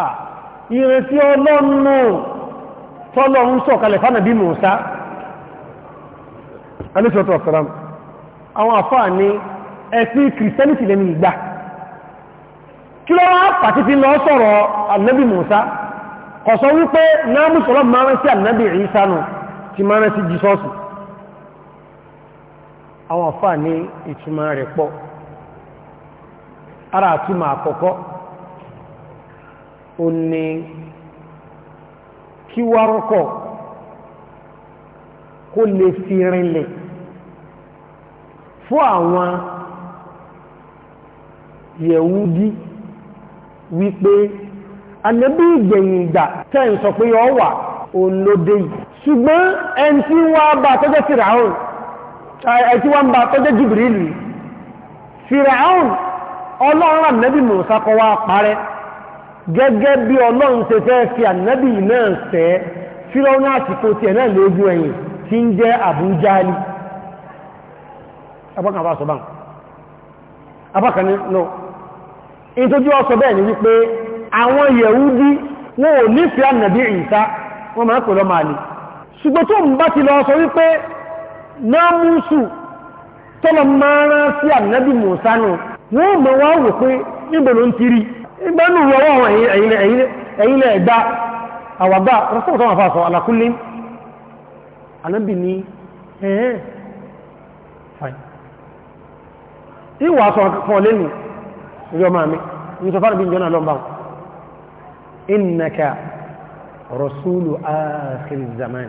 ah ìrètí Ọlọ́run tọ́lọ́run sọ̀kalẹ̀ fánàbí Mùsá alẹ́sọ̀tọ̀ ọ̀sọ̀rọ̀ àwọn àfáà ní ẹ̀sìn kìrìsìtẹ́nìtì lẹ́nu ìgbà kí ló wá pàtí fi lọ sọ̀rọ̀ ànábì Mùsá kọ̀sọ́ wípé náà mú sọ̀rọ̀ márùn sí ànábì Ìsá ti márùn sí Jísọ́sù àwọn àfáà ní ara àtúmọ̀ àkọ́kọ́ ó ní kí wárọ́kọ̀ fi rinlẹ̀ fún àwọn yẹ̀wúdí wípé ànábì ìgbẹ̀yìn ìgbà tẹ́ ń sọ pé ọ wà òun ló dé yìí ṣùgbọ́n ẹni tí wọ́n àti wọ́n bá tọ́jẹ́ jìbìrìlù fìràún ọlọ́run ànẹ́bì mùsá kọ wá parẹ́ gẹ́gẹ́ bí ọlọ́run ṣe fẹ́ fi ànẹ́bì náà sẹ́ fìràún àsìkò tí ẹ̀ náà ẹ̀yìn tí ń jẹ́ àbújáàlì apákan sọ ọsọ wípé wọn tó ń wípé námúsù tọ́lọ máa sí ànábì musa nù wọ́n mọ̀ wá wò pé níbo ló ń tiri ìgbà nù wọ́wọ́ ẹ̀yìn ẹ̀gbá àwàgbà rọ́sọ̀tọ̀ wọn innaka rasulu akhir zaman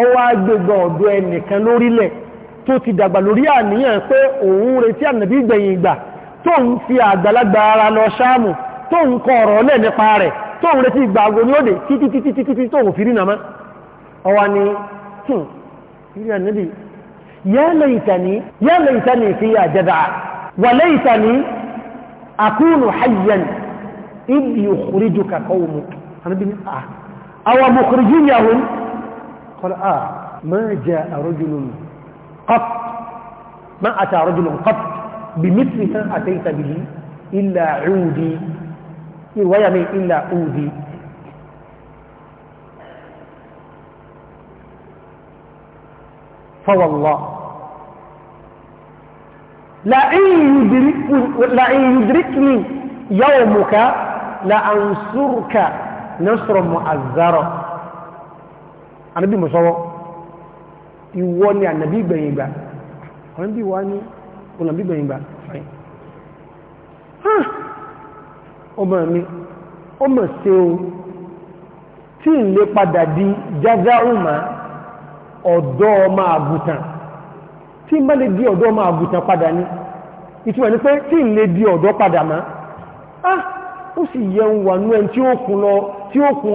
ọwọ́ agbègbè ọ̀dọ̀ ẹnìkan lórílẹ̀ tó ti dàgbà lórí àníyàn pé òun retí ànàbí ìgbẹ̀yìn ìgbà tó ń fi àgbàlagbà ara lọ sáàmù tó ń kọ ọ̀rọ̀ lẹ̀ nípa rẹ̀ tó ń retí ìgbà ago ní òde títí títí títí títí tó ń fi rí nàmá ọwọ́ ni ìrí hmm, ànàbí قال آه ما جاء رجل قط ما أتى رجل قط بمثل ما أتيت به إلا عودي ويمي إلا عودي فوالله لئن يدرك لئن يدركني يومك لأنصرك نصر مؤذرا ànábì mọ̀ sọ́wọ́ ìwọ ni ànábì gbẹ̀yìn bi ànábì ni ní ònàbí gbẹ̀yìn ìgbà fàyìn ọmọ mi o tí n lè padà di jágáhùnmá ọ̀dọ́ ọmọ àgùtàn tí má lè di ọ̀dọ́ ọmọ àgùtàn padà ni. ìtumọ̀ ní pé tí di ọdọọ padà ma ó sì yẹ ń wà ní ẹni tí ó kún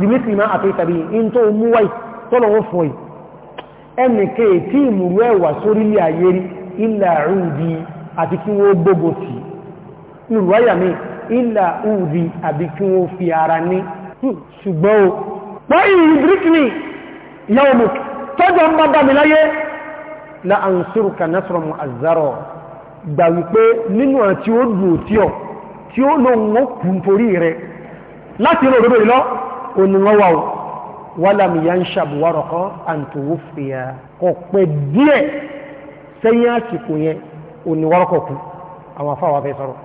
bímítì máa àti ìtàbí in tó mú wáyì tọ́lọ̀wọ́ fún ì ẹnìkẹ́ tí ìmúrú ẹ̀wà sórílẹ̀ ayé rí ilà rúdi àti kí wọ́n gbogbo sí ìrùwáyà mi ilà rúdi àbí kí wọ́n fi ara ní hmm, ṣùgbọ́n o báyìí ìdíríkìní ìyàwó mú tọ́jọ́ ń bá bá mi láyé láti inú òdodo ìlọ́ ó ní wọ́n wà ó wálàmì yá ń ṣàbùwárọ̀ kan àǹtòwò fìyà kọ̀ pẹ̀ díẹ̀ sẹ́yìn àsìkò yẹn ó ní wọ́rọ́kọ̀ kú àwọn afáwà fẹ́ sọ̀rọ̀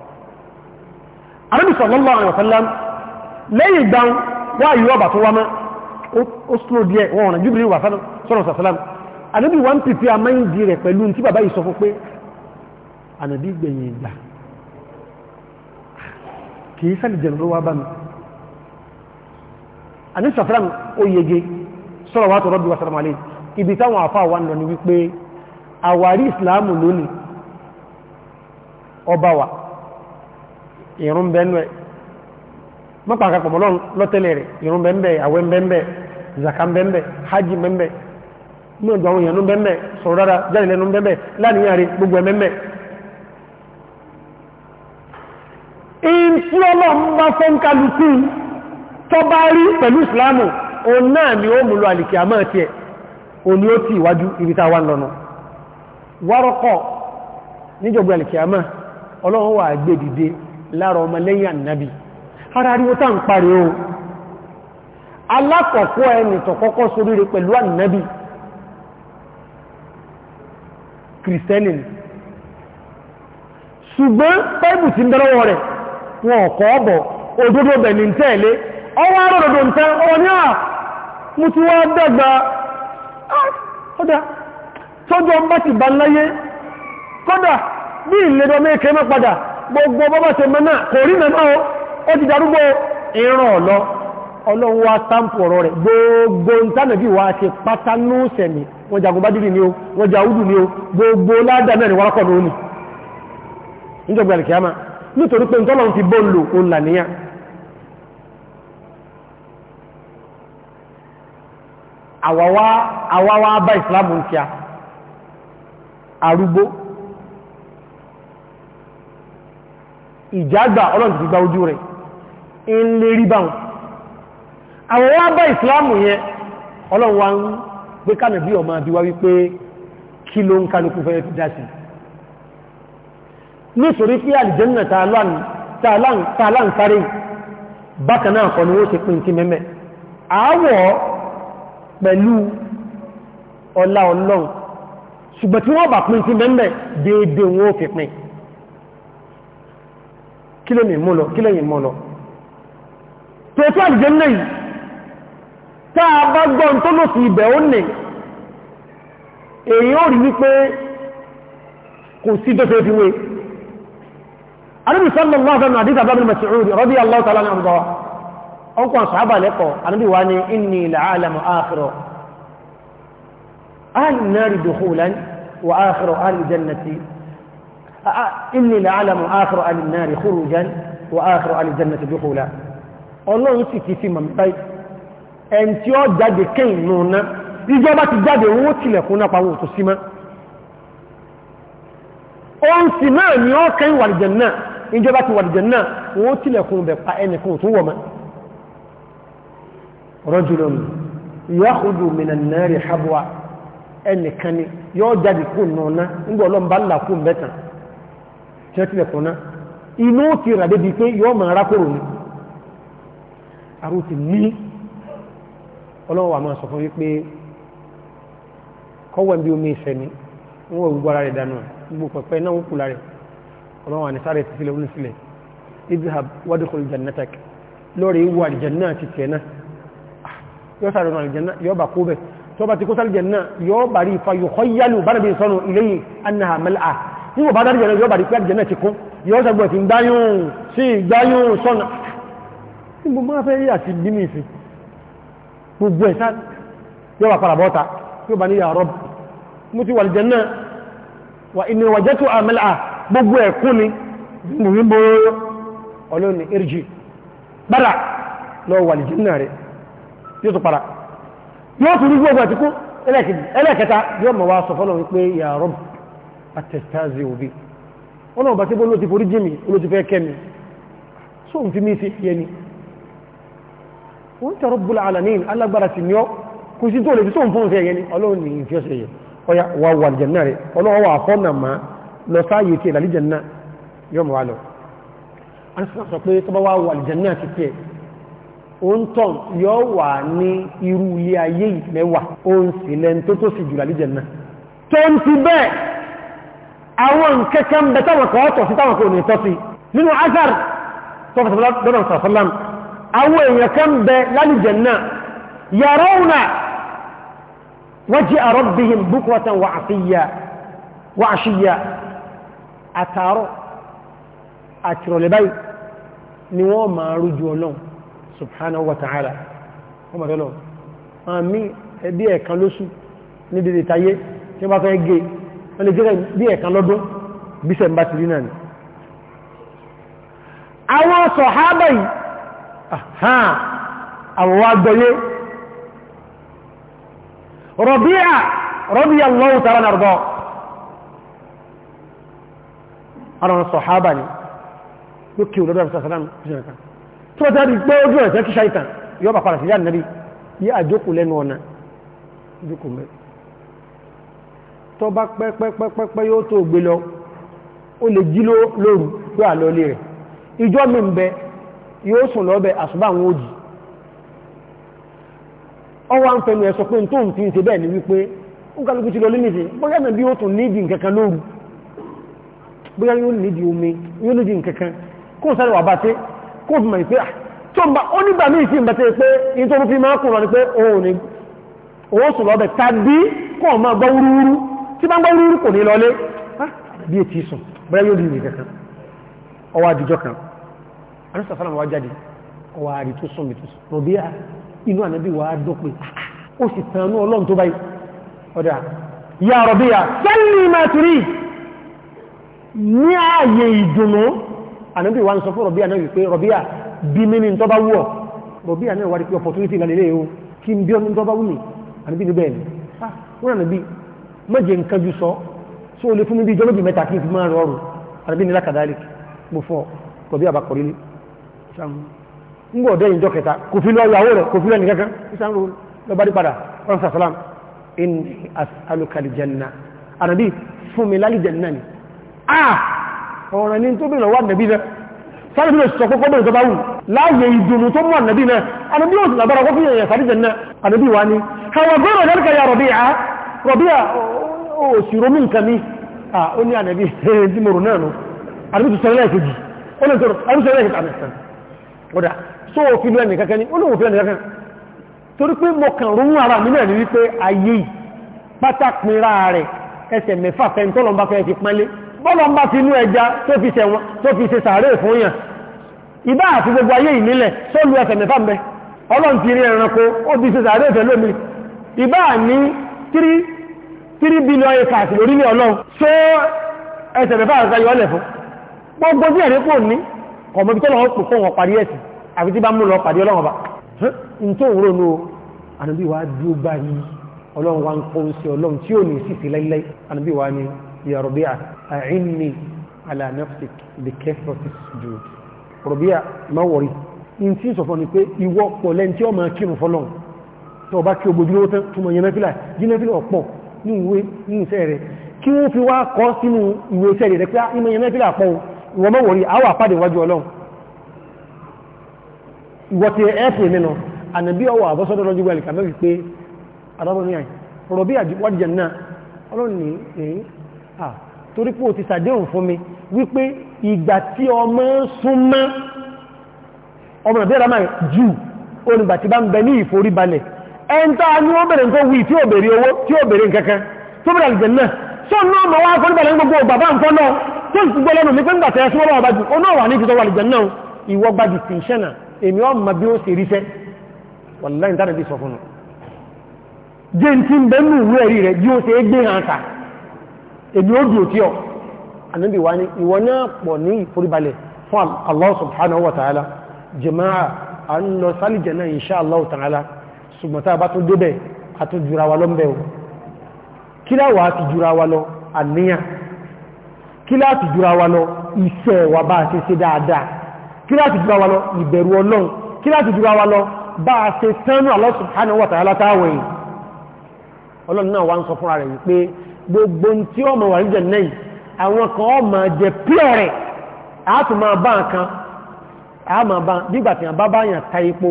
arábì sallallahu alaihi wasallam lẹ́yìn ìgbàun wá sọ́rọ̀ sàfẹ́lám wọ́n pìpì àmáyìndì rẹ̀ pẹ̀lú tí bàbá yìí fún pé anábì gbẹ̀yìn ìgbà kìí sálì jẹ̀rọ wá bá mi àní sàfẹ́ràn oyege sọ́rọ̀ wà tọ́rọ̀ bí wà sàrọ̀mà lè ibi táwọn àfá wà lọ ni wípé àwárí ìsìláàmù lónìí ọba wà ìrún bẹ́ẹ̀nù ẹ̀ mọ́pàá àkàpọ̀ mọ́ lọ́tẹ́lẹ̀ rẹ̀ ìrún bẹ́ẹ̀mbẹ̀ àwẹ̀ bẹ́ẹ̀mbẹ̀ zaka bẹ́ẹ̀mbẹ̀ fẹ́ ń kálukú tó bá rí pẹ̀lú ìsìláàmù o náà ni ó múlò àlìkì ti ẹ̀ o ni ó ti ìwájú ibi wa lọ́nà wárọ́kọ̀ níjọba àlìkì àmọ́ ọlọ́run wà gbé dìde lára ọmọ lẹ́yìn ànábì o pẹ̀lú ṣùgbọ́n pẹ́bù ti ọwọ́ arọ́dọ̀dọ̀ nǹkan nta ní àà mú tí wọ́n dẹ́gbà ọ́dá ah, tọ́jọ́ ń bá ti bá láyé kọ́dà bí mẹ́kẹ́ mẹ́ padà gbogbo bọ́bá ṣe mẹ́ náà kò rí mẹ́mọ́ ó ti darúgbó ìran ọ̀lọ́ ọlọ́run wá gbogbo nítorí pé ti bó ń lò òun àwáwá bá ìsìláàmù tí a arúgbó ìjàgbà ọlọ́dún ti gba ojú rẹ̀ in lè rí báhùn àwáwá bá ìsìláàmù yẹn ọlọ́run wa ń gbé kánà bí ọmọ àbíwá wípé kí ló ń kálukú fẹ́ dá sí nítorí pé àlìjẹ́nà tààlà ń sáré bákanáà kọ̀ ni ó ti pín tí mẹ́mẹ́ àwọ̀ pẹ̀lú ọlá ọlọ́run ṣùgbọ́n tí wọ́n bá pín sí mẹ́mẹ́ déédéé wọn ò fi pín kí lèmi mú lọ kí lẹ́yìn mú lọ tó tó àjẹ́ náà yìí tá a bá gbọ́n tó lò sí ibẹ̀ ó nì èyí ó rí wípé kò sí dọ́fẹ́ fi wé ọkọ̀ àṣàbà lẹ́kọ̀ọ́ anábì wá ní inni la'alamu akhira ahli nari dukhulan wa akhira ahli jannati inni la'alamu akhira ahli nari khurujan wa akhira ahli jannati dukhulan ọlọ́run sì ti fi mọ̀mí ẹn tí ó jáde kéyìn nùnà ìjọba ti jáde owó òun sì náà ni ó kẹ́yìn wàlìjẹ̀ náà ìjọba ti wàlìjẹ̀ náà wọ́n tilẹ̀kùn bẹ̀ pa ẹnìkan òtún rọ́jùlọ́nù yọ́kùdù mìnànàrí habuwa ẹnìkan ni yọ́ jáde kó nọ́ọ̀ná nígbà ọlọ́run bá là kó mẹ́tàn tí ó tilẹ̀ kọ́ná ti pé yọ́ máa rákòrò ni àrùn ti ní ọlọ́run wà sọ fún wípé kọ́wọ́n bí omi ìfẹ́ ni wọ́n gbogbo ara rẹ̀ dànù gbogbo pẹ̀pẹ́ náà ti sílẹ̀ ibihab wadukul jannatak ìwà yóò sáré ọ̀nà àlìjẹ̀nà yóò bà kó bẹ̀ tó bá ti kó sálìjẹ̀nà yóò bà rí ìfà yóò kọ́yálù bá nàbí sọ́nà iléyìn annaha mal'a tí wọ́n bá dárí jẹ̀nà yóò bà rí pé àlìjẹ̀nà ti kún yóò sàgbọ̀ sí gbáyún sí gbáyún sọ́nà níbo máa fẹ́ rí àti bí mi gbogbo ẹ̀sá yóò yóò bá ní ya Rabb mo ti wà àlìjẹ̀nà wà inni wajatu mal'a gbogbo ẹ̀kún ni yóò tó para yóò tó rí gbogbo àtikú ẹlẹ́ẹ̀kẹta yóò mọ̀ wá sọ fọ́lọ̀ wípé ya Rabb àtẹ̀stáàzì òbí wọn náà bá tí bó ló ti forí jìmì ló ti fẹ́ kẹ́mi só ń fi mí sí yẹ ni ó ń tẹ̀rọ búlá alamin alágbára ti ní ọ kò sí tó lè fi só ń fún ìfẹ́ yẹ ọlọ́run ní ìfẹ́ ṣe òǹtọ̀n yóò wà ní irú ilé ayé ìmẹ́wà òun sì lẹ́n tó tó sì jùlọ lè jẹ̀nà tó ń ti bẹ́ẹ̀ àwọn nkẹ́kẹ́ ń bẹ táwọn kan ọ̀tọ̀ sí táwọn kan ò ní tọ́ sí nínú azar tọ́fẹ̀sọ̀lọ́dọ̀ sàfẹ́lám àwọn èèyàn kan bẹ lálìjẹ̀nà ni wọ́n máa rújú ọlọ́run subhanahu wa ta'ala wọ́n mọ̀ tọ́lọ̀ àmì ẹbí ẹ̀kan lóṣù ní dédé tayé tí wọ́n fẹ́ gé wọ́n lè jẹ́ bí ẹ̀kan lọ́dún bí sẹ̀ ń bá ti rí náà ni àwọn sọ̀hábà yìí àwọn wá gbọ́yé Rabi'a radiyallahu ta'ala nàrọ̀bọ̀ àwọn sọ̀hábà ni lókè olóòdó àbúsàsàdán ìjìnàkan tó tẹ́ rí ojú ẹ̀sẹ̀ kí ṣáìtàn yọ bà padà sí yí àjókù lẹ́nu ọ̀nà tọba mẹ́ tó bá pẹ́pẹ́pẹ́pẹ́ yóò tó gbé lọ ó lè jí lóru tó àlọ́lé rẹ̀ ìjọ mi ń bẹ yóò sùn lọ́bẹ̀ àṣùbà àwọn òjì ọwọ́ ń fẹnu ẹ̀sọ pé tó ń fi bẹ́ẹ̀ ni wípé ó kálukú ti lọ lé bóyá ó tún lóru bóyá yóò omi yóò kó fi mọ̀ ìpé à ah, tó ń ó nígbà míì sí ìbẹ̀tẹ̀ pé in tó fi máa kùnrọ̀ ni pé òun ni òun sùn lọ́bẹ̀ tàbí kó ọmọ gbọ́ wúrúwúrú tí bá gbọ́ wúrúwúrú kò ní lọlé ah, bí etí sùn bẹ́ẹ̀ yóò di ìwé kankan ọwọ́ àdìjọ kan anúṣà fúnra wa jáde ọwọ́ àrí tó sùn mi tó sùn ah, inú ànábì ó sì tan inú ọlọ́run tó báyìí ọ̀dà à ní ààyè ìdùnnú ànábì wa ń sọ fún rọ̀bíà náà wípé rọ̀bíà bí mímí tó bá wù ọ́ rọ̀bíà náà wà rí pé opportunity ìlànà ilé o kí n bí ọ́ tó bá wù mí ànábì níbẹ̀ ni ah, wọ́n rà nàbí mẹ́jẹ̀ nǹkan ju sọ só o lè fún mi bí jọ́lọ́bì mẹ́ta kí n fi máa rọrùn ànábì nílá kàdálì mo fọ rọ̀bíà bá kọ̀rí ń bọ̀ dẹ́yìn jọ kẹta kò fi lọ́ọ́ yàwó rẹ̀ kò fi lọ́ọ́ nìkankan in as'aluka aljanna ànábì fún mi lálìjẹ̀ náà ah ọ̀rọ̀ ni tó bèèrè wà nẹ̀bí náà sáré bí lè sọ kókó bèèrè tó bá wù láàyè ìdùnnú tó mọ̀ nẹ̀bí náà àdébí yóò sì lágbára kó fìyàn yẹn sàdíjẹ̀ náà àdébí wa ni àwọn gbọ́rọ̀ ọ̀dẹ́rẹ́ kẹyà Rabi'a Rabi'a ó sì romí nǹkan mi ó ní ànẹ̀bí tí mo rò náà nù àdébí tó sọ̀rọ̀ lẹ́ẹ̀kejì ó lè sọ̀rọ̀ àdébí sọ̀rọ̀ lẹ́ẹ̀kejì àmì ọ̀dà rẹ̀ ẹsẹ̀ mẹ́fà fẹ́ fẹ́ ti pánlé bọ́lọ̀ ń bá fi inú ẹja tó fi ṣe sàárè fún yàn ìbá àti gbogbo ayé ìnílẹ̀ tó lu ẹsẹ̀ mẹ́fà mẹ́ ọlọ́n ti rí ẹranko ó bí ṣe sàárè fẹ́ lómi ìbá ní 3 billion acres lórílẹ̀ ọlọ́run tó ẹsẹ̀ mẹ́fà àgbáyọ ọlẹ̀ fún gbogbo bí ẹ̀rẹ́ pò ní ọmọbi tó lọ́wọ́ pò fún wọn parí ẹ̀sìn àfi tí bá mú lọ pàdé ọlọ́run ọba n ni yàrá bí أعني على نفسك بكثرة السجود ربيع ما وري in tí sọ fún ni pé ìwọ pọ̀ lẹ́n tí ó máa kírun fọ́lọ́n tó bá kí ogbò dúró túnmọ̀ yẹnẹ́fílà yẹnẹ́fílà ọ̀pọ̀ ní ìwé ní iṣẹ́ rẹ̀ kí wọ́n fi wá kọ́ sínú ìwé iṣẹ́ rẹ̀ pé ah, ìmọ̀ yẹnẹ́fílà pọ̀ ìwọ mọ́ wọ̀rí àwọ̀ àpàdé wájú ọlọ́run ìwọ ti ẹ́ẹ̀pù nínú ànàbí ọwọ́ àbọ́sọ́dọ́ lọ́jọ́ gbẹ̀lì kàmẹ́ wípé arábọ́nìyàn rọ̀bí àjíwájẹ̀ náà ọlọ́run ní torí pé o ti sàdéhùn fún mi wípé ìgbà tí ọmọ ń súnmọ́ ọmọ ìbẹ̀rẹ̀ máa jù olùgbà tí bá ń bẹ ní ìforíbalẹ̀ ẹntá ní ó bẹ̀rẹ̀ nǹkan wí tí ó bẹ̀rẹ̀ owó tí ó bẹ̀rẹ̀ nǹkankan tó bẹ̀rẹ̀ àgbẹ̀ náà sọ ní ọmọ wá foríbalẹ̀ gbogbo bàbá nǹkan náà tó ń gbọ́ lẹ́nu nípa ìgbà tẹ́yẹ súnmọ́ ọba jù ó náà wà ní ìfitọ́ wà lìgbẹ̀ náà ìwọ gba distinction náà èmi ọmọ bí ó ṣe ríṣẹ́ wàlúwà ìtànà bí sọ fún un jẹ́ ti ń bẹ́nu ìwé ẹ̀rí rẹ̀ bí ó ṣe é gbé hàn sáà èmi ó dùn tí ọ anábì wá ní ìwọ náà pọ̀ ní ìforíbalẹ̀ fún Allah subhanahu wa ta'ala jama'a a ń lọ sálìjẹ̀ náà insha Allah ta'ala ṣùgbọ́n tá a bá tún débẹ̀ a tún jura wa lọ ń bẹ̀ o kí láwà á ti jura wa lọ àníyàn kí láà ọlọ́run Allah subhanahu wa ta'ala táwọn èèyàn ọlọ́run náà wá ń sọ fúnra rẹ̀ wípé gbogbo tí ó mọ̀ wà ní jẹ̀nà yìí àwọn kan ó máa jẹ píọ̀ rẹ̀ àátù máa bá nǹkan àmà bá nígbàtí àbá bá yàn ta epo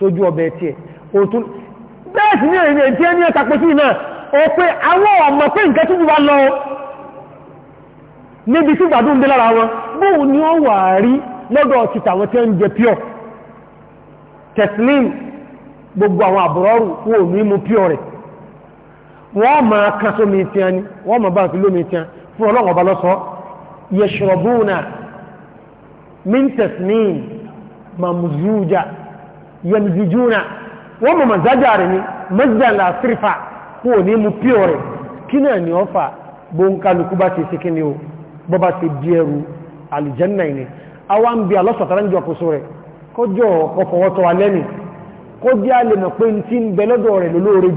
sójú ọbẹ̀ tí ẹ̀ òtún bẹ́ẹ̀ sí ní ẹ̀rìn tí ẹ ní ẹ̀ta pé sí náà ó pé àwọn ọmọ pé nǹkan tí wà lọ níbi tí gbàdún dé lára wọn bóun ni ó wà rí lọ́dọ̀ ti tàwọn tí ó ń jẹ píọ̀ tẹ̀sílìm gbogbo àwọn àbúrọ́rù wọn ò ní mú píọ̀ rẹ̀ wọ́n ma kan sómi tí a ní wọ́n ma bá fi lómi tí a fún ọlọ́wọ́ bá lọ́sọ́ yẹ̀ṣọ̀bùnà mintasmin mamzuja yẹmzijúnà wọ́n ma mazájà rẹ̀ ní mazdala sírífà kó ní mú píọ̀ rẹ̀ kí náà ni ọ fà bó ń kálukú bá ti síkí ni ó bọ́ bá ti di ẹrù alìjẹ́nà ìní àwọn bí alọ́sọ̀tara ń jọ kó so rẹ̀ kọjọ́ ọkọ̀ fọwọ́tọ̀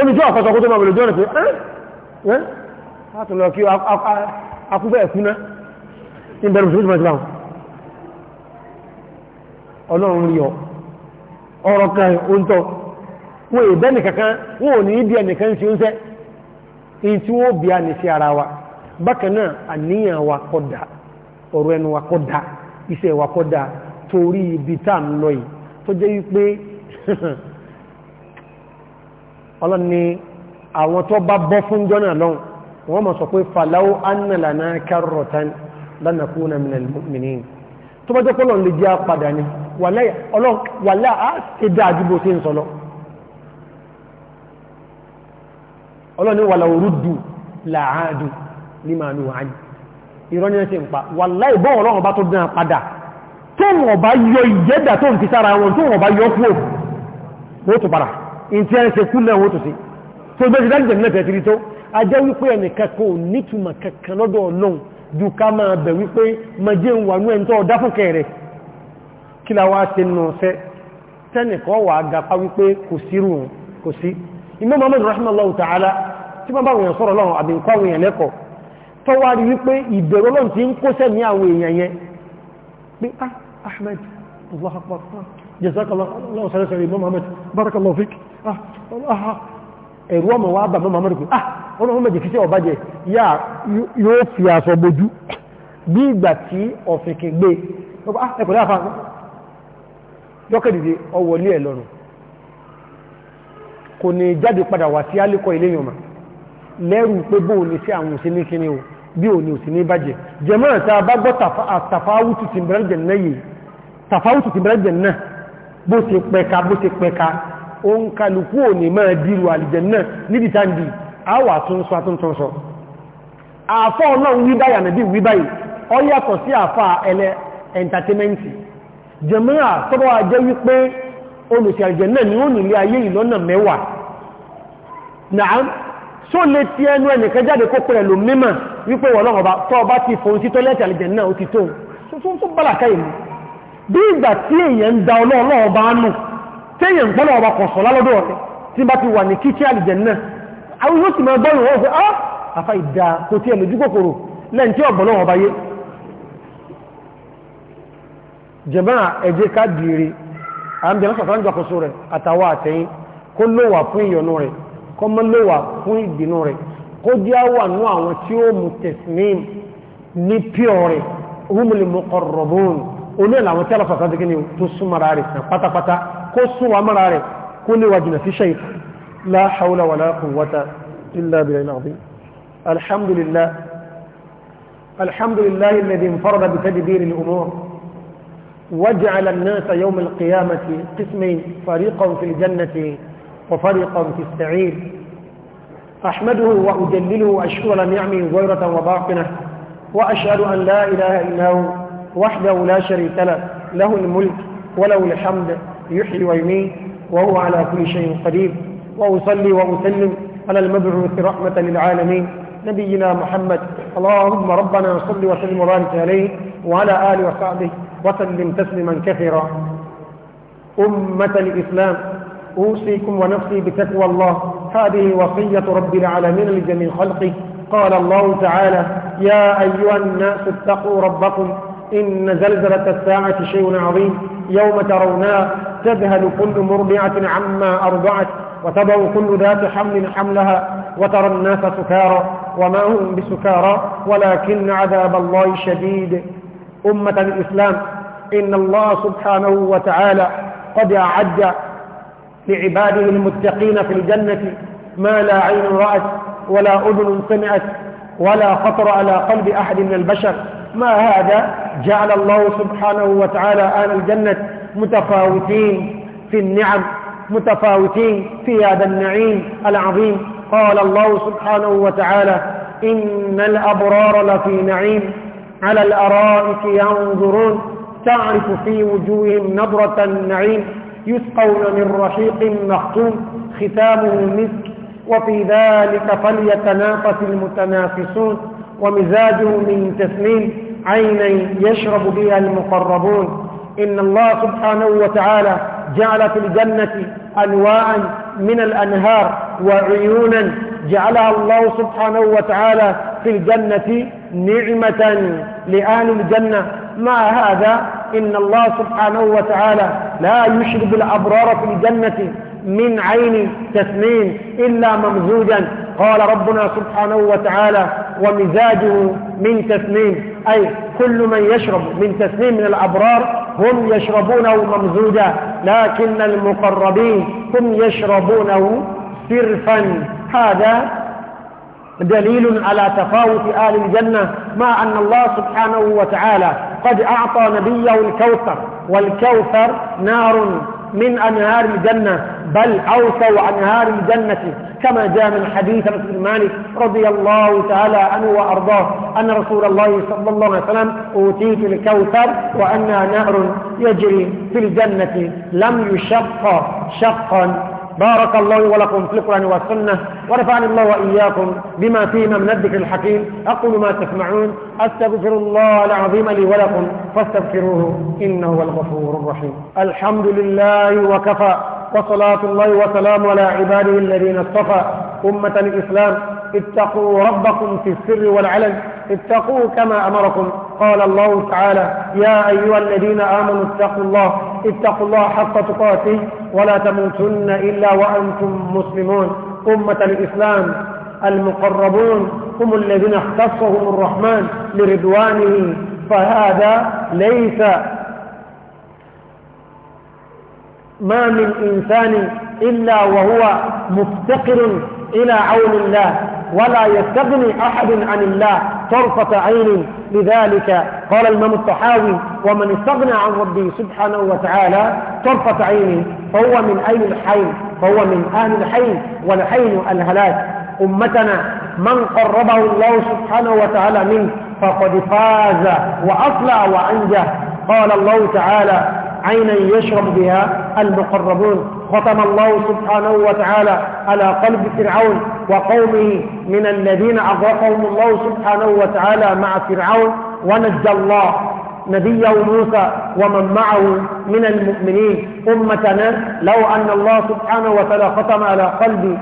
olùjọ́ àkọ́sọ kó tó máa bèèrè jọ́rẹ̀ pé ẹ́ látùlọ kí akúfẹ́ ẹ̀kúná ní bẹ̀rẹ̀ mùsùlùmí ti báwọn ọlọ́run rí ọ ọ̀rọ̀ kan oúntọ́ wọ́n èbẹ́ nìkankan wọ́n ò ní ibi ẹnìkan ṣe in tí wọ́n bí a ní sí ara wa bákan náà àníyàn [laughs] ọlọ́run ni àwọn tó bá bọ́ fún jọ́nà lọ́n wọ́n mọ̀ sọ pé falaw anna lana karratan lanakuna minal mu'minin tó bá jẹ́ pọ́lọ̀ lè jẹ́ apadà ni wàlá á ti dá àdúgbò tí ń sọ lọ ọlọ́ni walaw ruddu la'adu lima nu'an ìrọ́ ní ẹ̀sìn pa wàlá ìbọ́ ọlọ́run bá yọ ìjẹ́dà tó ń fi sára wọn tó wọ́n bá yọ kúrò ó tó para ìtí ẹ̀ṣẹ̀ kú náà wọ́n tó sí tó gbẹ́sẹ̀ dájú jẹ̀mí mẹ́fẹ̀ẹ́ tiri tó a jẹ́ wípé ẹnì kankan ò lọ́dọ̀ ọlọ́run ju ká máa bẹ̀ wípé mọ̀jẹ́ ń wà ní ẹ̀ńtọ́ ọ̀dá kí la wá ṣe nù ọ̀sẹ́ tẹ́nìkan wà á wikpe wípé kò sí rù kò sí ta'ala جزاك الله الله وسلم سليم محمد بارك الله فيك اه اه ẹ̀rù ọmọ wa bàbá mamadu pé ah wọn náà mẹ́jì kíṣẹ́ ọ̀bájẹ́ yá yóò fi aṣọ bojú bí ìgbà tí ọ̀fìnkì gbé ah, ẹkùnrin àfà yọ́kẹ̀dìdì ọwọ̀lé ẹ̀ lọ́rùn kò ní jáde padà wá sí alẹ́kọ̀ọ́ ilé yọ̀mà lẹ́rù pé bóò ní sí àwọn òsì ní kíní o bí ò ní òsì ní bàjẹ́ jẹ́mọ́ bó ti pẹka bó ti pẹka ó ń kálukú ò ní máa dìrù àlìjẹ̀nnà níbi tàbí àwà túnṣọ àtúntúnṣọ àfọ́ ọlọ́run wí báyìí ànàbí wí báyìí ọ yàtọ̀ sí ni ó nílé ayé ìlọ́nà mẹ́wàá náà só lè ti ẹnu ẹnìkan jáde kó pẹ̀lú mímọ̀ wípé wọ́n lọ́wọ́ bá tọ́ bá ti fòun sí tọ́lẹ́tì àlìjẹ̀nnà ó ti tó tó bálàkáyìí bí ìgbà tí èèyàn ń da ọlọ́ọ̀lọ́ọ̀ bá nù téèyàn gbọ́nà ọba kọ̀sọ̀ lálọ́dọ̀ ọ̀rẹ́ tí bá ti wà ní kíkí àlìjẹ̀ náà àwọn yóò sì máa gbọ́nà wọ́n fẹ́ ah àfa ìdá kò tí ẹ̀ lójú kòkòrò lẹ́yìn tí ọ̀gbọ́n náà ọba yé jẹ̀mọ́ ẹ̀jẹ̀ ká dìírí à ní pure rẹ̀ húmùlì mọ́kọ̀rọ̀bùn oní ẹ̀lá tí aláfà kan ti kí ni tó súnmọ́ra rẹ̀ sàn pátápátá kó súnwà mọ́ra rẹ̀ kó lè wà jìnà sí ṣe la وحده لا شريك له له الملك وله الحمد يحيي ويميت وهو على كل شيء قدير وأصلي وأسلم على المبعوث رحمة للعالمين نبينا محمد اللهم ربنا صل وسلم وبارك عليه وعلى آله وصحبه وسلم تسليما كثيرا أمة الإسلام أوصيكم ونفسي بتقوى الله هذه وصية رب العالمين لجميع خلقه قال الله تعالى يا أيها الناس اتقوا ربكم إن زلزلة الساعة شيء عظيم يوم ترونها تذهل كل مرضعة عما أرضعت وتضع كل ذات حمل حملها وترى الناس سكارى وما هم بسكارى ولكن عذاب الله شديد أمة الإسلام إن الله سبحانه وتعالى قد أعد لعباده المتقين في الجنة ما لا عين رأت ولا أذن سمعت ولا خطر على قلب أحد من البشر ما هذا جعل الله سبحانه وتعالى أهل الجنة متفاوتين في النعم متفاوتين في هذا النعيم العظيم قال الله سبحانه وتعالى إن الأبرار لفي نعيم على الأرائك ينظرون تعرف في وجوههم نظرة النعيم يسقون من رحيق مختوم ختامه مسك وفي ذلك فليتنافس المتنافسون ومزاجه من تسليم عينا يشرب بها المقربون إن الله سبحانه وتعالى جعل في الجنة أنواعا من الأنهار وعيونا جعلها الله سبحانه وتعالى في الجنة نعمة لأهل الجنة مع هذا إن الله سبحانه وتعالى لا يشرب الأبرار في الجنة من عين تسنيم إلا ممزوجا قال ربنا سبحانه وتعالى ومزاجه من تسنيم أي كل من يشرب من تسنيم من الأبرار هم يشربونه ممزوجا لكن المقربين هم يشربونه سرفا هذا دليل على تفاوت آل الجنة مع أن الله سبحانه وتعالى قد أعطى نبيه الكوثر والكوثر نار من أنهار الجنة بل أوسوا أنهار الجنة كما جاء من حديث رسول بن مالك رضي الله تعالى عنه وأرضاه أن رسول الله صلى الله عليه وسلم أوتيت الكوثر وأنها نهر يجري في الجنة لم يشق شقا بارك الله ولكم في القرآن والسنة ونفعني الله وإياكم بما فيما من الذكر الحكيم أقول ما تسمعون أستغفر الله العظيم لي ولكم فاستغفروه إنه هو الغفور الرحيم الحمد لله وكفى وصلاة الله وسلام على عباده الذين اصطفى أمة الإسلام اتقوا ربكم في السر والعلن اتقوا كما أمركم قال الله تعالى يا أيها الذين آمنوا اتقوا الله اتقوا الله حق تقاته ولا تموتن إلا وأنتم مسلمون أمة الإسلام المقربون هم الذين اختصهم الرحمن لرضوانه فهذا ليس ما من إنسان إلا وهو مفتقر إلى عون الله ولا يستغني أحد عن الله طرفة عين لذلك قال الإمام الطحاوي ومن استغنى عن ربه سبحانه وتعالى طرفة عين فهو من أهل الحين فهو من أهل الحين والحين الهلاك أمتنا من قربه الله سبحانه وتعالى منه فقد فاز وأطلع وأنجه قال الله تعالى عينا يشرب بها المقربون ختم الله سبحانه وتعالى على قلب فرعون وقومه من الذين أغرقهم الله سبحانه وتعالى مع فرعون ونجى الله نبيه موسى ومن معه من المؤمنين أمتنا لو أن الله سبحانه وتعالى ختم على قلب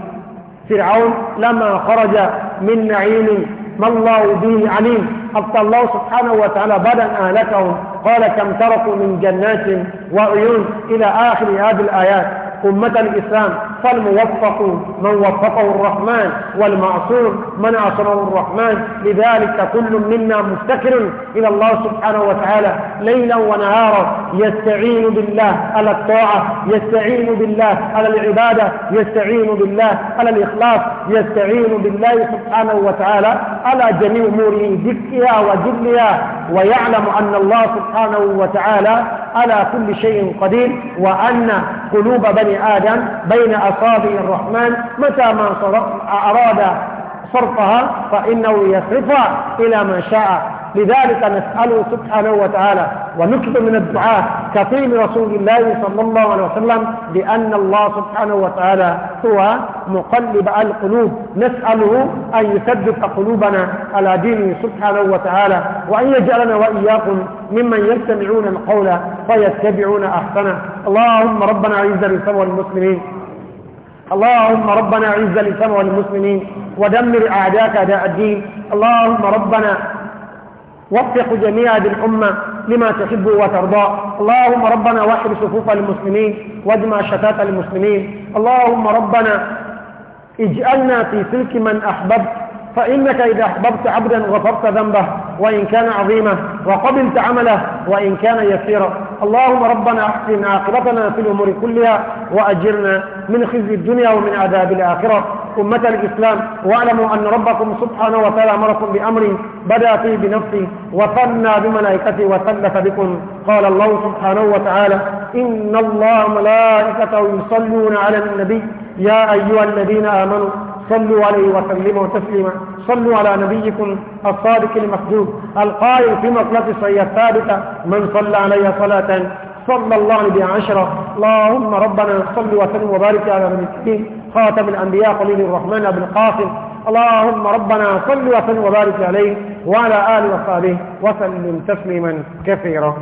فرعون لما خرج من نعيم ما الله به عليم حتى الله سبحانه وتعالى بدا أهلكهم قال كم تركوا من جنات وعيون إلى آخر هذه الآيات أمة الإسلام فالموفق من وفقه الرحمن والمعصوم من عصمه الرحمن لذلك كل منا مفتكر إلى الله سبحانه وتعالى ليلا ونهارا يستعين بالله على الطاعة يستعين بالله على العبادة يستعين بالله على الإخلاص يستعين بالله سبحانه وتعالى على جميع أموره دكها وجلها ويعلم أن الله سبحانه وتعالى على كل شيء قدير وأن قلوب بني آدم بين أصابع الرحمن متى ما أراد صرفها فإنه يصرفها إلى ما شاء لذلك نسأله سبحانه وتعالى ونكتب من الدعاء كفيل رسول الله صلى الله عليه وسلم بأن الله سبحانه وتعالى هو مقلب القلوب نسأله أن يثبت قلوبنا على دينه سبحانه وتعالى وأن يجعلنا وإياكم ممن يستمعون القول فيتبعون أحسنه اللهم ربنا عز لسوى المسلمين اللهم ربنا عز لسوى المسلمين ودمر أعداك أداء الدين اللهم ربنا وفق جميع هذه الأمة لما تحب وترضى اللهم ربنا وحد صفوف المسلمين واجمع شتات المسلمين اللهم ربنا اجعلنا في سلك من أحببت فإنك إذا أحببت عبدا غفرت ذنبه وإن كان عظيما وقبلت عمله وإن كان يسيرا اللهم ربنا أحسن عاقبتنا في الأمور كلها وأجرنا من خزي الدنيا ومن عذاب الآخرة أمة الإسلام واعلموا أن ربكم سبحانه وتعالى أمركم بأمر بدأ فيه بنفسه وثنى بملائكته وثلث بكم قال الله سبحانه وتعالى إن الله ملائكته يصلون على النبي يا أيها الذين آمنوا صلوا عليه وسلموا تسليما صلوا على نبيكم الصادق المخدود القائل في مطلق صحية الثابتة من صلى علي صلاة صلى الله عليه عشرة اللهم ربنا صل وسلم وبارك على من الكريم خاتم الأنبياء قليل الرحمن بن قاسم اللهم ربنا صل وسلم وبارك عليه وعلى آله وصحبه وسلم تسليما كثيرا